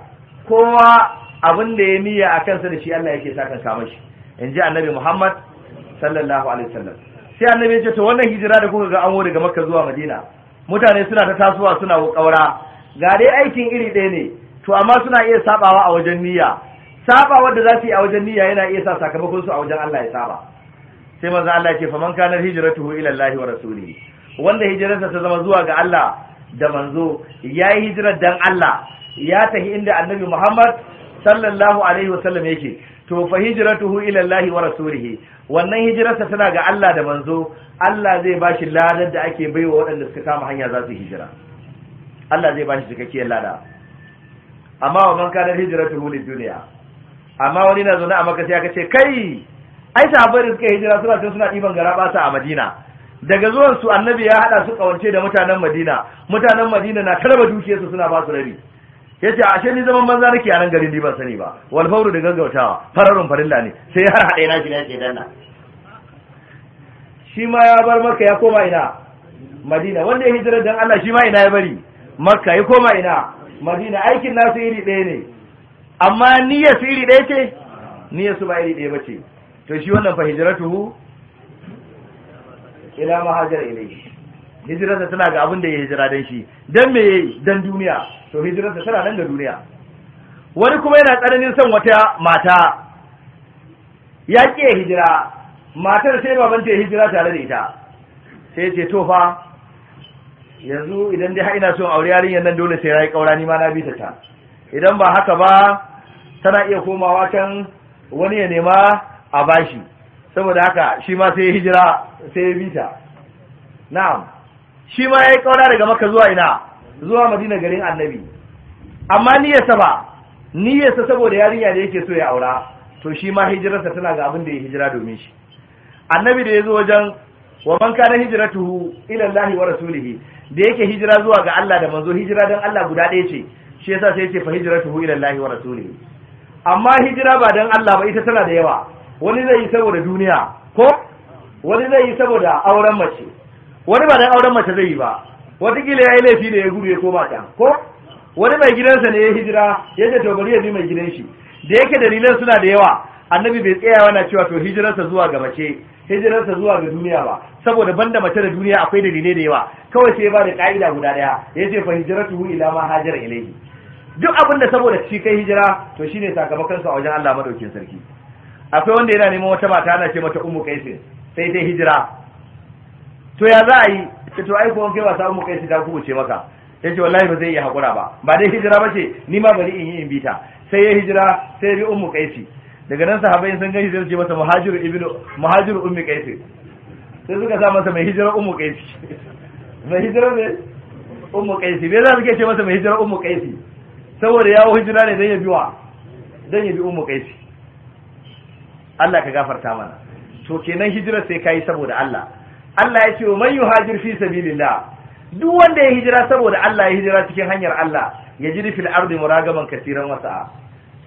kowa abin da ya niyya a kansa da shi Allah yake sakan kama shi in ji annabi Muhammad sallallahu alaihi wasallam sai annabi ya ce to wannan hijira da kuka ga an daga Makka zuwa Madina mutane suna ta tasowa suna kaura ga dai aikin iri ɗaya ne to amma suna iya sabawa a wajen niyya sabawa da za su yi a wajen niyya yana iya sa sakamakon su a wajen Allah ya saba sai manzo Allah ya ce faman kana hijratuhu ila Allah wa rasulihi wanda hijirarsa ta zama zuwa ga Allah da manzo yayi hijirar dan Allah ya tafi inda annabi Muhammad sallallahu alaihi wasallam yake to fa hijratuhu ila allahi wa rasulihi wannan hijirarsa tana ga Allah da manzo Allah zai bashi ladan da ake baiwa waɗanda suka kama hanya za su hijira Allah zai bashi cikakkiyar lada amma wa man kana hijratuhu lid dunya amma wani na zo na maka sai aka ce kai ai sahabbai suka hijira suna tun suna ɗiban garaba a Madina daga zuwan su annabi ya hada su kawance da mutanen Madina mutanen Madina na karba dukiyarsu suna ba su rabi ya ce ashe ni zaman banza nake a nan garin ni ban sani ba wal fawru da gaggautawa fararun farilla ne sai har haɗe na shi ke ce shi ma ya bar maka ya koma ina madina wanda ya hijira dan Allah shi ma ina ya bari makka ya koma ina madina aikin nasu iri ɗaya ne amma niyya su iri ɗaya ce niyya su ba iri ɗaya bace to shi wannan fa hijratuhu ila mahajar ilayhi hijirarsa tana ga abin da ya hijira dan shi dan me yi dan duniya to hijirarsa tana nan ga duniya wani kuma yana tsananin son wata mata ya ƙiya hijira matar sai baban ta hijira tare da ita sai ce to fa yanzu idan dai ina son aure yarinyar nan dole sai yi kaura ni ma na bita ta idan ba haka ba tana iya komawa kan wani ya nema a bashi saboda haka shi ma sai hijira sai ya bita na'am shi ma ya yi kaura daga maka zuwa ina zuwa madina garin annabi amma niyyarsa ba niyyarsa saboda yarinya da yake so ya aura to shi ma hijirarsa tana ga abin da ya hijira domin shi annabi da ya zo wajen wa man kana hijratuhu ila Allah wa rasulihi da yake hijira zuwa ga Allah da manzo hijira dan Allah guda ɗaya ce shi yasa sai yake fa hijratuhu ila Allah wa rasulihi amma hijira ba dan Allah ba ita tana da yawa wani zai yi saboda duniya ko wani zai yi saboda auren mace wani ba dan auren mace zai yi ba wata ya yi laifi da ya gudu ya koma can ko wani mai gidansa ne ya hijira ya je to bari ya bi mai gidan shi da yake dalilan suna da yawa annabi bai tsaya yana cewa to hijirarsa zuwa ga mace hijirarsa zuwa ga duniya ba saboda banda mace da duniya akwai dalilai da yawa kawai sai ba da ka'ida guda daya ya ce fa hijiratuhu ila ma hajara ilayhi duk abin da saboda shi kai hijira to shine sakamakon sa a wajen Allah madaukin sarki akwai wanda yana neman wata mata ana ce mata ummu kaisin sai dai hijira to ya za a yi ce to ai kuma kai wasa mu kai ta kubuce maka ce wallahi ba zai iya hakura ba ba dai hijira bace ni ma bari in yi in bita sai ya hijira sai ya bi ummu kaisi daga nan sahabbai sun ga hijira ce masa muhajiru ibnu muhajiru ummu kaisi sai suka sa masa mai hijira ummu kaisi mai hijira ne ummu kaisi bai za su ce masa mai hijira ummu kaisi saboda yawo hijira ne dan ya biwa dan ya bi ummu kaisi Allah ka gafarta mana to kenan hijira sai kai saboda Allah Allah ya ce wa man yuhajir fi sabilillah duk wanda ya hijira saboda Allah ya hijira cikin hanyar Allah ya jiri fil ardi muragaman kasiran wasa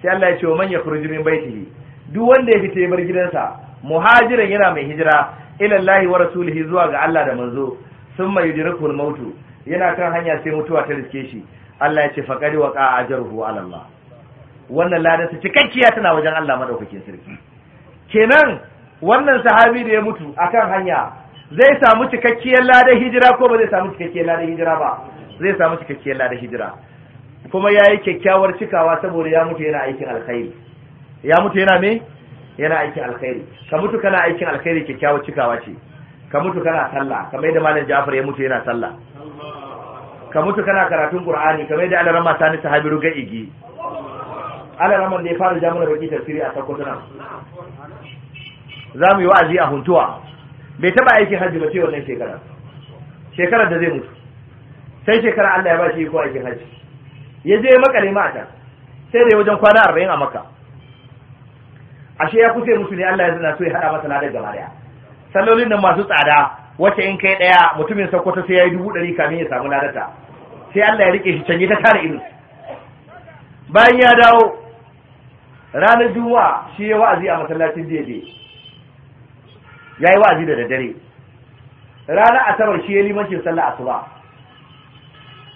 sai Allah ya ce wa man yakhruj min baitihi duk wanda ya fita ya bar gidansa muhajiran yana mai hijira ila Allah wa rasulihi zuwa ga Allah da manzo summa yudrikul mautu yana kan hanya sai mutuwa ta riske shi Allah ya ce faqad waqa ajruhu ala Allah wannan ladarsa cikakkiya tana wajen Allah madaukakin sarki kenan wannan sahabi da ya mutu akan hanya zai samu cikakkiyar ladar hijira ko ba zai samu cikakkiyar ladar hijira ba zai samu cikakkiyar ladar hijira kuma ya yi kyakkyawar cikawa saboda ya mutu yana aikin alkhairi ya mutu yana me yana aikin alkhairi ka mutu kana aikin alkhairi kyakkyawar cikawa ce ka mutu kana sallah kamar yadda malam Ja'far ya mutu yana sallah ka mutu kana karatun Qur'ani kamar yadda Alarama Sani sahabi ruga igi Alarama ne ya fara jami'ar baki tafsiri a takwas nan za mu yi wa'azi a Huntuwa bai taba aikin hajji ba sai wannan shekara shekarar da zai mutu sai shekara Allah ya ba shi iko aikin hajji ya je makale mata sai da wajen kwana arba'in a maka ashe ya kusa musu ne Allah ya zana so ya hada masa ladar gaba daya sallolin nan masu tsada wace in kai daya mutumin Sokoto sai ya yi dubu ɗari kamin ya samu ta sai Allah ya rike shi canje ta tare ido bayan ya dawo ranar juma'a shi ya wa'azi a masallacin jeje ya yi wa'azi da daddare Rana asabar shi ya limancin sallah asuba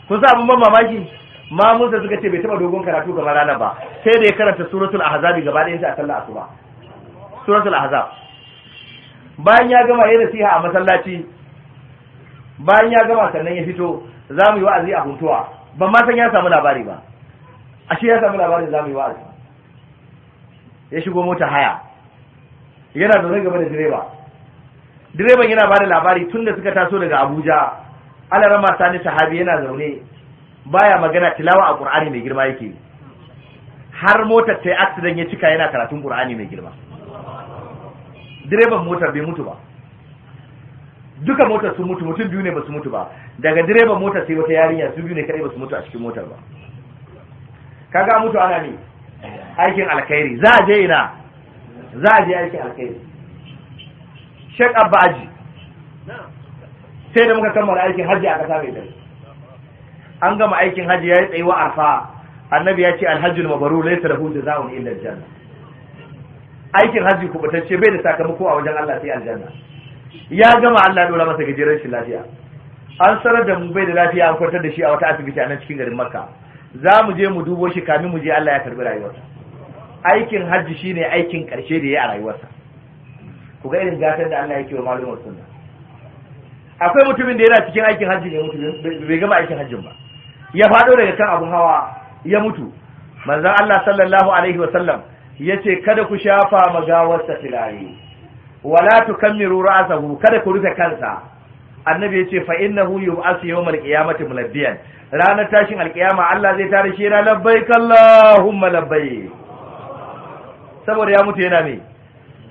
kun sa abin ban mamaki ma musa suka ce bai taba dogon karatu gama rana ba sai da ya karanta suratul ahzab gaba yanzu a sallah asuba suratul ahzab bayan ya gama yayin nasiha a masallaci bayan ya gama sannan ya fito za mu yi wa'azi a huntuwa ban ma san ya samu labari ba ashe ya samu labarin za mu yi wa'azi ya shigo mota haya yana da zai gaba da direba direban yana ba da labari tun da suka taso daga abuja alarama sani sahabi yana zaune baya magana tilawa a qur'ani mai girma yake har motar ta yi accident ya cika yana karatun qur'ani mai girma direban motar bai mutu ba duka motar sun mutu mutum biyu ne ba su mutu ba daga direban motar sai wata yarinya su biyu ne kadai ba su mutu a cikin motar ba kaga mutu ana ne aikin alkhairi za a je ina za a je aikin alkhairi Sheikh abba aji sai da muka kammala aikin hajji a ƙasa mai an gama aikin hajji ya yi tsayi wa arfa annabi ya ce alhajjul mabaru laysa lahu jazaa'un illa janna. aikin hajji kubatacce bai da sakamako a wajen Allah sai aljanna ya gama Allah dora masa gajeren shi lafiya an sanar da mu bai da lafiya an kwantar da shi a wata asibiti a nan cikin garin Makka za mu je mu dubo shi kamin mu je Allah ya karbi rayuwarsa aikin hajji shine aikin ƙarshe da ya yi a rayuwarsa ku ga irin gatar da Allah yake wa malumar sunna akwai mutumin da yana cikin aikin hajji ne mutu bai gama aikin hajjin ba ya faɗo daga kan abu hawa ya mutu manzon Allah sallallahu alaihi wa sallam yace kada ku shafa sa filayi, wala tukammiru ra'sahu kada ku rufe kansa annabi yace fa innahu yub'as yawmal qiyamati mulabbiyan ranar tashin alkiyama Allah zai tare shi na labbaik Allahumma labbaik saboda ya mutu yana me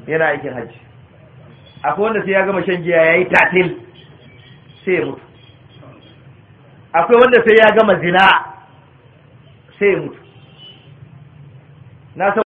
yana aikin hajji akwai wanda sai ya gama shan giya ya yi tatil sai ya mutu akwai wanda sai ya gama zina sai ya mutu na